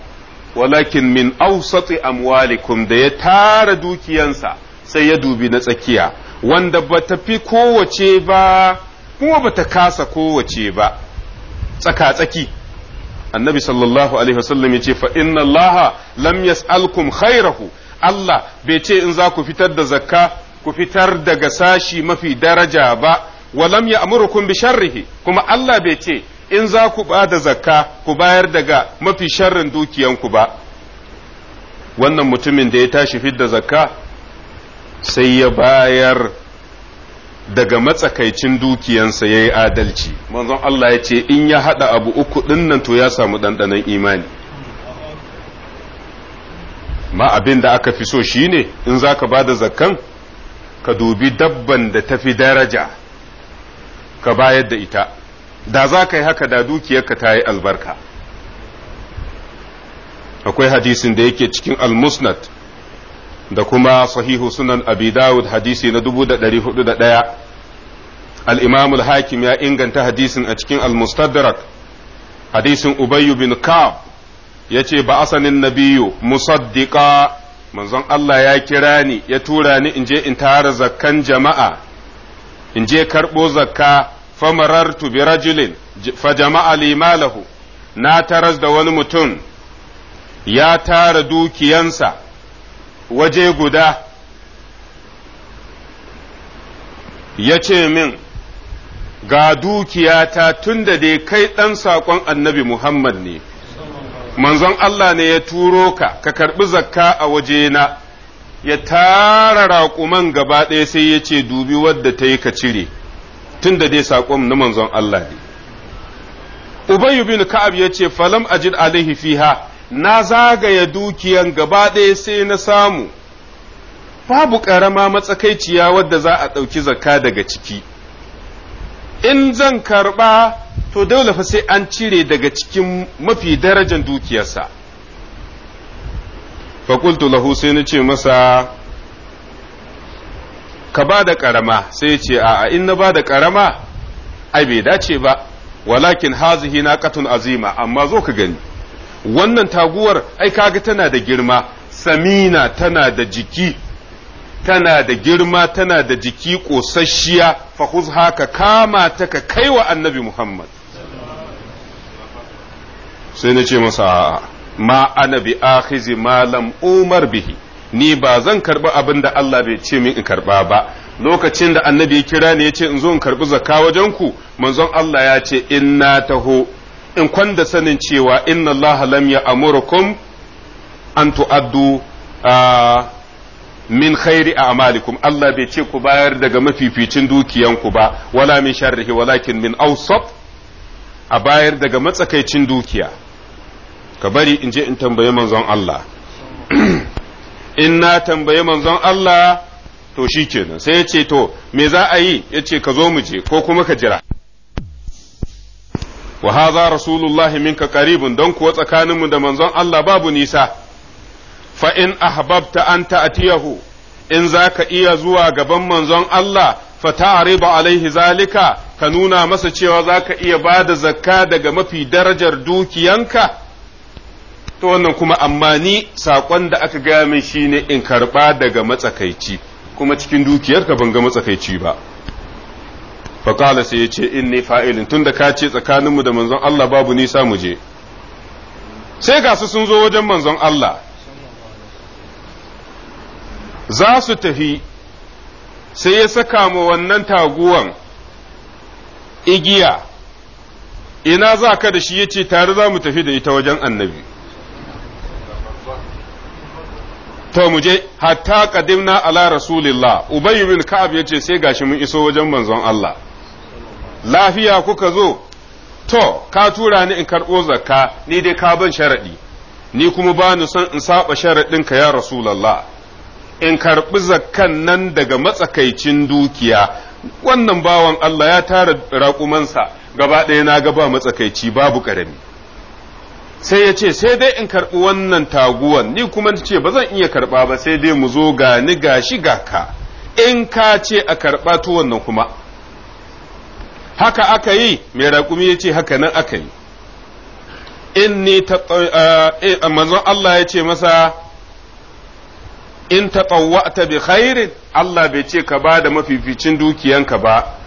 walakin min ausati amwalikum da ya tara dukiyansa sai ya dubi na tsakiya wanda ba ta fi kowace ba kuma ba ta kasa kowace ba tsaka-tsaki annabi sallallahu alaihi wasallam ya ce fa inna allaha lam yas'alkum khairahu Allah bai ce in za ku fitar da zakka ku fitar daga sashi mafi daraja ba walam ya amurukum bi sharrihi kuma Allah bai ce in za ku ba da zakka ku bayar daga mafi sharrin dukiyanku ba wannan mutumin da ya tashi fidda zakka sai ya bayar daga matsakaicin dukiyansa ya yi adalci manzon Allah ya ce in ya haɗa abu uku ɗinnan to ya samu ɗanɗanon imani ma abin da aka fi so shi ne in za ka ba da zakkan ka dubi dabban da ta fi daraja ka bayar da ita da za ka yi haka da dukiyarka ta yi albarka akwai hadisin da yake cikin al da kuma sahihu sunan abi dawud hadisi na 1401 al-imam al-hakim ya inganta hadisin a cikin al hadisin ubayyu bin kab ya ce ba asanin nabiyu musaddiqa manzon Allah ya kira ni ya tura ni in je in tara zakkan jama'a in je karɓo zakka famarartu bi rajulin fa jama'a limalahu na taras da wani mutum ya tara dukiyansa waje guda ya ce min ga dukiyata tun da dai kai ɗan saƙon annabi Muhammad ne, manzon Allah ne ya turo ka, ka karɓi zakka a waje na ya tara raƙuman gaba ɗaya sai ya ce dubi wadda ta yi ka cire. tun da dai saƙon na manzon Allah ne ubayu bin ka'ab ya ce falam ajid alaihi fiha na zagaya dukiyan gaba ɗaya sai na samu babu ƙarama matsakaiciya wadda za a ɗauki zakka daga ciki in zan karɓa to dole fa sai an cire daga cikin mafi darajan dukiyarsa Fakultu lahu sai na ce masa ka ba da ƙarama sai ce a'a in na ba da ƙarama ai bai dace ba walakin hazihi katun azima amma zo ka gani wannan taguwar ai kaga tana da girma samina tana da jiki tana da girma tana da jiki ƙosasshiya fahuz haka kama ta ka kai wa annabi Muhammad. Sai na ce masa ma ana bi malam Umar bihi ni ba zan karɓi abin da Allah bai ce min in karɓa ba lokacin da annabi ya kira ni ya ce in zo in karɓi zakka wajen ku manzon Allah ya ce in na taho in kwanda sanin cewa inna Allah lam ya amurukum an tu'addu min khairi a amalikum Allah bai ce ku bayar daga mafificin dukiyanku ba wala min sharrihi walakin min awsat a bayar daga matsakaicin dukiya ka bari in je in tambayi manzon Allah in na tambayi manzon Allah to shi kenan sai ya ce to me za a yi ya ce ka zo mu je ko kuma ka jira wa haza rasulullahi minka qaribun don kuwa tsakaninmu da manzon Allah babu nisa fa in ahbabta an ta'tiyahu in zaka iya zuwa gaban manzon Allah fa ta'riba alaihi zalika ka nuna masa cewa zaka iya bada zakka daga mafi darajar dukiyanka Ta wannan kuma amma ni saƙon da aka gaya min shine in karɓa daga matsakaici kuma cikin dukiyarka ban ga matsakaici ba faƙala sai ya ce in ne fa'ilin tun da ka ce tsakaninmu da manzon Allah babu nisa mu je sai ga su sun zo wajen manzon Allah za su tafi sai ya saka ma wannan taguwan igiya ina za ka da shi ya ce tare za mu tafi da ita wajen annabi to mu je hatta qadimna ala rasulillah ubay bin ka'ab yace sai gashi mun iso wajen manzon Allah lafiya kuka zo to ka tura ni in karɓo zakka ni dai ka ban sharaɗi ni kuma ba ni son in saɓa sharaɗin ka ya rasulallah in karɓi zakkan nan daga matsakaicin dukiya wannan bawan Allah ya tara raƙumansa gaba ɗaya na ga ba matsakaici babu ƙarami sai ya ce sai dai in karɓi wannan taguwan ni kuma ce ba zan iya karɓa ba sai dai mu zo ga ni ga shi ga ka in ka ce a karɓa to wannan kuma haka aka yi mai raƙumi ya ce haka nan aka yi In ni inni eh, eh, eh, manzon Allah ya ce masa in ta bi khairin Allah bai ce ka ba da mafificin dukiyanka ba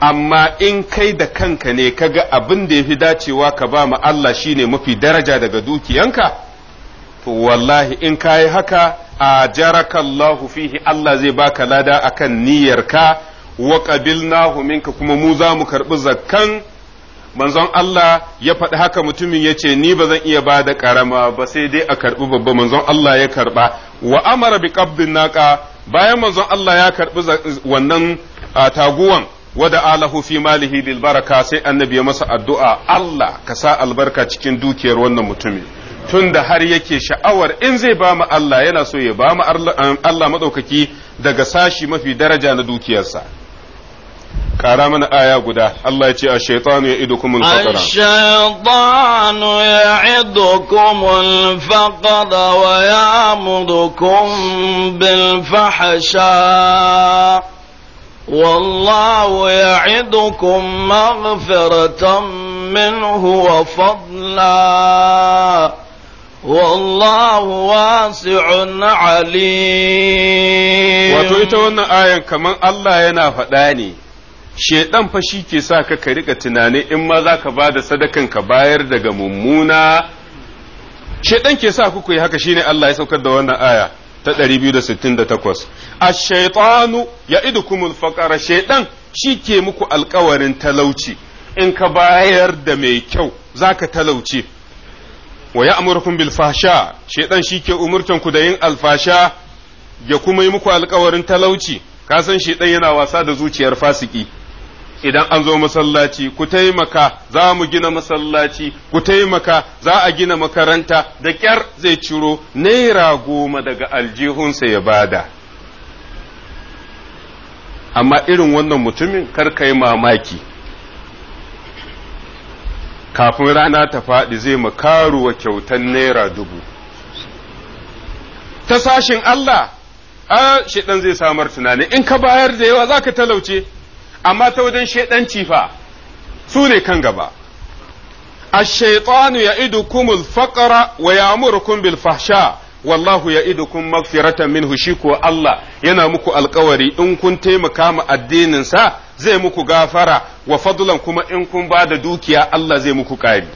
amma in kai da kanka ne kaga abin da ya fi dacewa ka ba ma Allah shine mafi daraja daga dukiyanka to wallahi in ka yi haka a jarakallahu fihi Allah zai baka lada akan niyyarka wa qabilnahu minka kuma mu za mu karbi zakkan manzon Allah ya faɗi haka mutumin ya ce ni ba zan iya ba da ƙarama ba sai dai a karɓi babba manzon Allah ya karɓa wa amara bi qabdin bayan manzon Allah ya karɓi wannan taguwan wada alahu fi malihi lil baraka sai annabi ya masa addu'a Allah ka sa albarka cikin dukiyar wannan mutumi tunda har yake sha'awar in zai ba mu Allah yana so ya ba mu Allah madaukaki daga sashi mafi daraja na dukiyarsa kara mana aya guda Allah ya ce a shaitanu ya idu kumul faqara shaitanu ya idu kumul faqara wa ya mudukum bil fahsha والله يعدكم مغفرة منه وفضلا والله واسع عليم wato ita wannan ayan kaman Allah yana faɗa ne shedan fa shi ke sa ka ka rika tunani in ma za ka bada sadakan ka bayar daga mummuna shedan ke sa ku yi haka shine Allah ya saukar da wannan aya ta biyu 268 ash-shaytanu ya'idukumul faƙara shaiɗan shi ke muku alkawarin talauci in ka bayar da mai kyau zaka talauci wa ya'murukum bil fahsha shaytan shi ke umurtan ku da yin alfasha ya kuma yi muku alkawarin talauci ka san shaytan yana wasa da zuciyar fasiki idan an zo masallaci ku taimaka za mu gina masallaci ku taimaka za a gina makaranta da ƙyar zai ciro naira goma daga aljihunsa ya bada amma irin wannan mutumin kar ka yi mamaki kafin rana ta faɗi zai makaruwa kyautan naira dubu ta sashin Allah a shiɗan zai samar tunani in ka bayar da yawa za ka talauce amma ta wajen shaidanci fa su ne kan gaba الشيطان يعدكم الفقر wa بالفحشاء wallahu ya Wallahu kun magfiratan minhu shi kuwa Allah yana muku alkawari in kun taimaka mu addinin sa zai muku gafara wa fadlan kuma in kun ba da dukiya Allah zai muku ƙari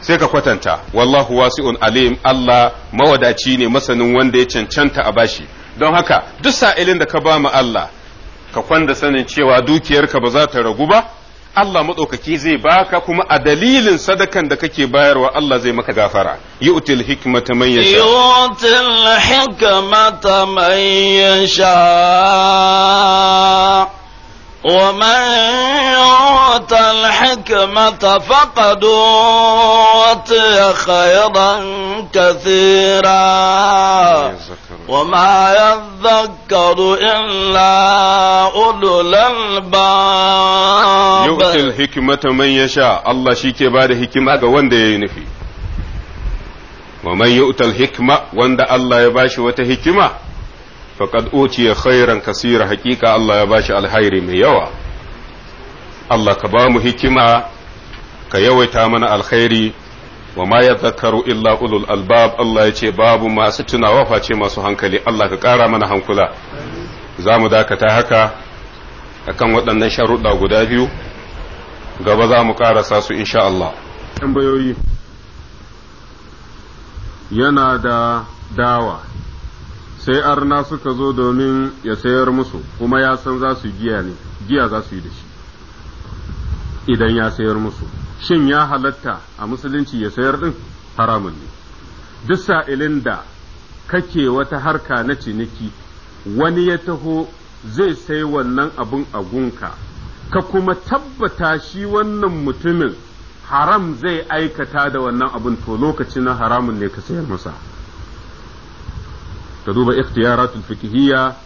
sai ka kwatanta wallahu wasi'un alim Allah mawadaci ne masanin wanda ya cancanta a bashi don haka duk sa'ilin da ka ba mu Allah ka kwanda sanin cewa dukiyarka ba za ta ragu ba Allah maɗaukaki zai baka kuma a dalilin sadakan da kake bayarwa Allah zai maka gafara yu'til hikmata man yasha yu'til hikmata man yasha ومن يعط الحكمة فقد أوتي خيرا كثيرا وما يذكر إلا أولو الألباب يؤتي الحكمة من يشاء الله شيكي بعد حكمة وند ينفي ومن يؤتى الحكمة وند الله يباش وتهكمة فقد أوتي خيرا كثيرا حقيقة الله يباش الحير من يوى الله كبام حكمة كيوي تامن الخير wa ma ya zakaru illa ulul albab Allah ya ce babu masu tunawa face masu hankali Allah ka ƙara mana hankula za mu dakata haka akan waɗannan sharuɗa guda biyu gaba za mu ƙarasa su insha Allah tambayoyi yana da dawa sai arna suka zo domin ya sayar musu kuma ya san za su giya ne giya za su yi da shi idan ya sayar musu shin ya halatta a musulunci ya sayar din haramun ne duk sa'ilin da kake wata harka na ciniki wani ya taho zai sai wannan abun a gunka ka kuma tabbata shi wannan mutumin haram zai aikata da wannan abun to lokacin na haramun ne ka sayar masa ka duba ikhtiyaratul fiqhiyya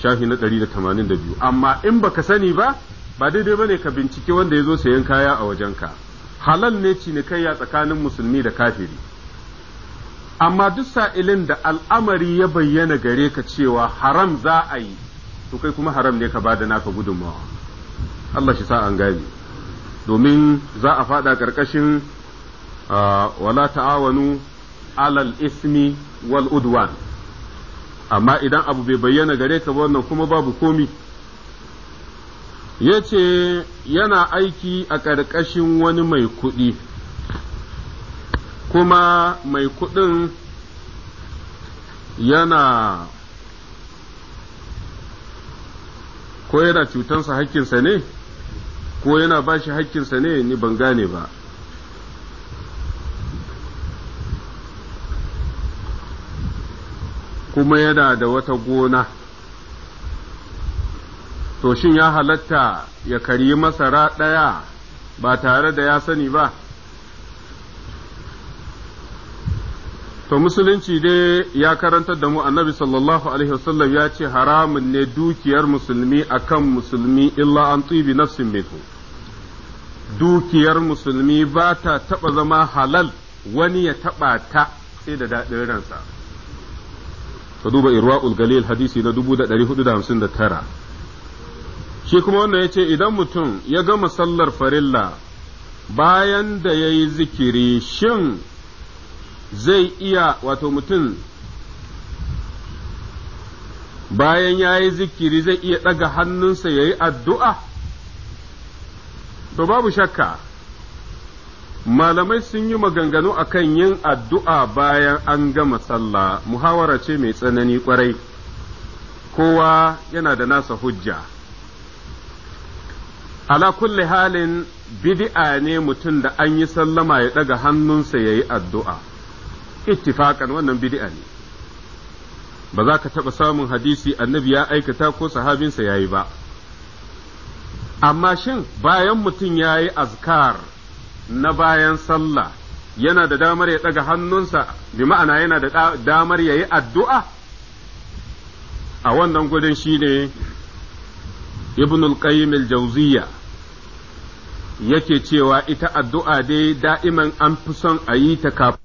shafi na 182 amma in baka sani ba ba daidai ba ne ka bincike wanda ya zo sayan kaya a wajenka halal ne cinikayya tsakanin musulmi da kafiri amma duk sa'ilin da al'amari ya bayyana gare ka cewa haram za a yi to kai kuma haram ne ka ba da naka gudunmawa Allah shi sa an gane domin za a fada ƙarƙashin wala ta'awanu alal ismi wal udwan amma idan abu bai bayyana gare ka wannan kuma babu komi ya ce yana aiki a ƙarƙashin wani mai kuɗi kuma mai kuɗin yana ko yana cutansa hakkinsa ne ko yana ba shi hakkinsa ne ni ban gane ba kuma yana da wata gona to shin ya halatta ya karyi masara ɗaya ba tare da ya sani ba to musulunci dai ya karantar da mu annabi sallallahu alaihi wasallam ya ce haramun ne dukiyar musulmi akan musulmi illa an tsibi nafsin minhu dukiyar musulmi ba ta taba zama halal wani ya taba ta sai da daɗin ransa ka duba irwa'ul galil hadisi na 1459 shi kuma wannan ya ce idan mutum ya gama sallar farilla bayan da ya yi zikiri shin zai iya wato mutum bayan ya yi zikiri zai iya ɗaga hannunsa ya yi addu'a to babu shakka malamai sun yi maganganu akan yin addu'a bayan an gama sallah muhawara ce mai tsanani kwarai kowa yana da nasa hujja ala kulli halin bid'a ne mutum da an yi sallama ya daga hannunsa ya yi addu'a ittifakan wannan bid'a ne ba za ka taɓa samun hadisi annabi ya aikata ko sahabinsa ya yi ba amma shin bayan mutum ya yi azkar na bayan sallah yana da damar ya daga hannunsa bi ma'ana yana da damar ya yi addu'a a wannan gudun shi ne ibn al-qayyim al-jawziya yake cewa ita addu'a dai da'iman an fi son a yi ta kafin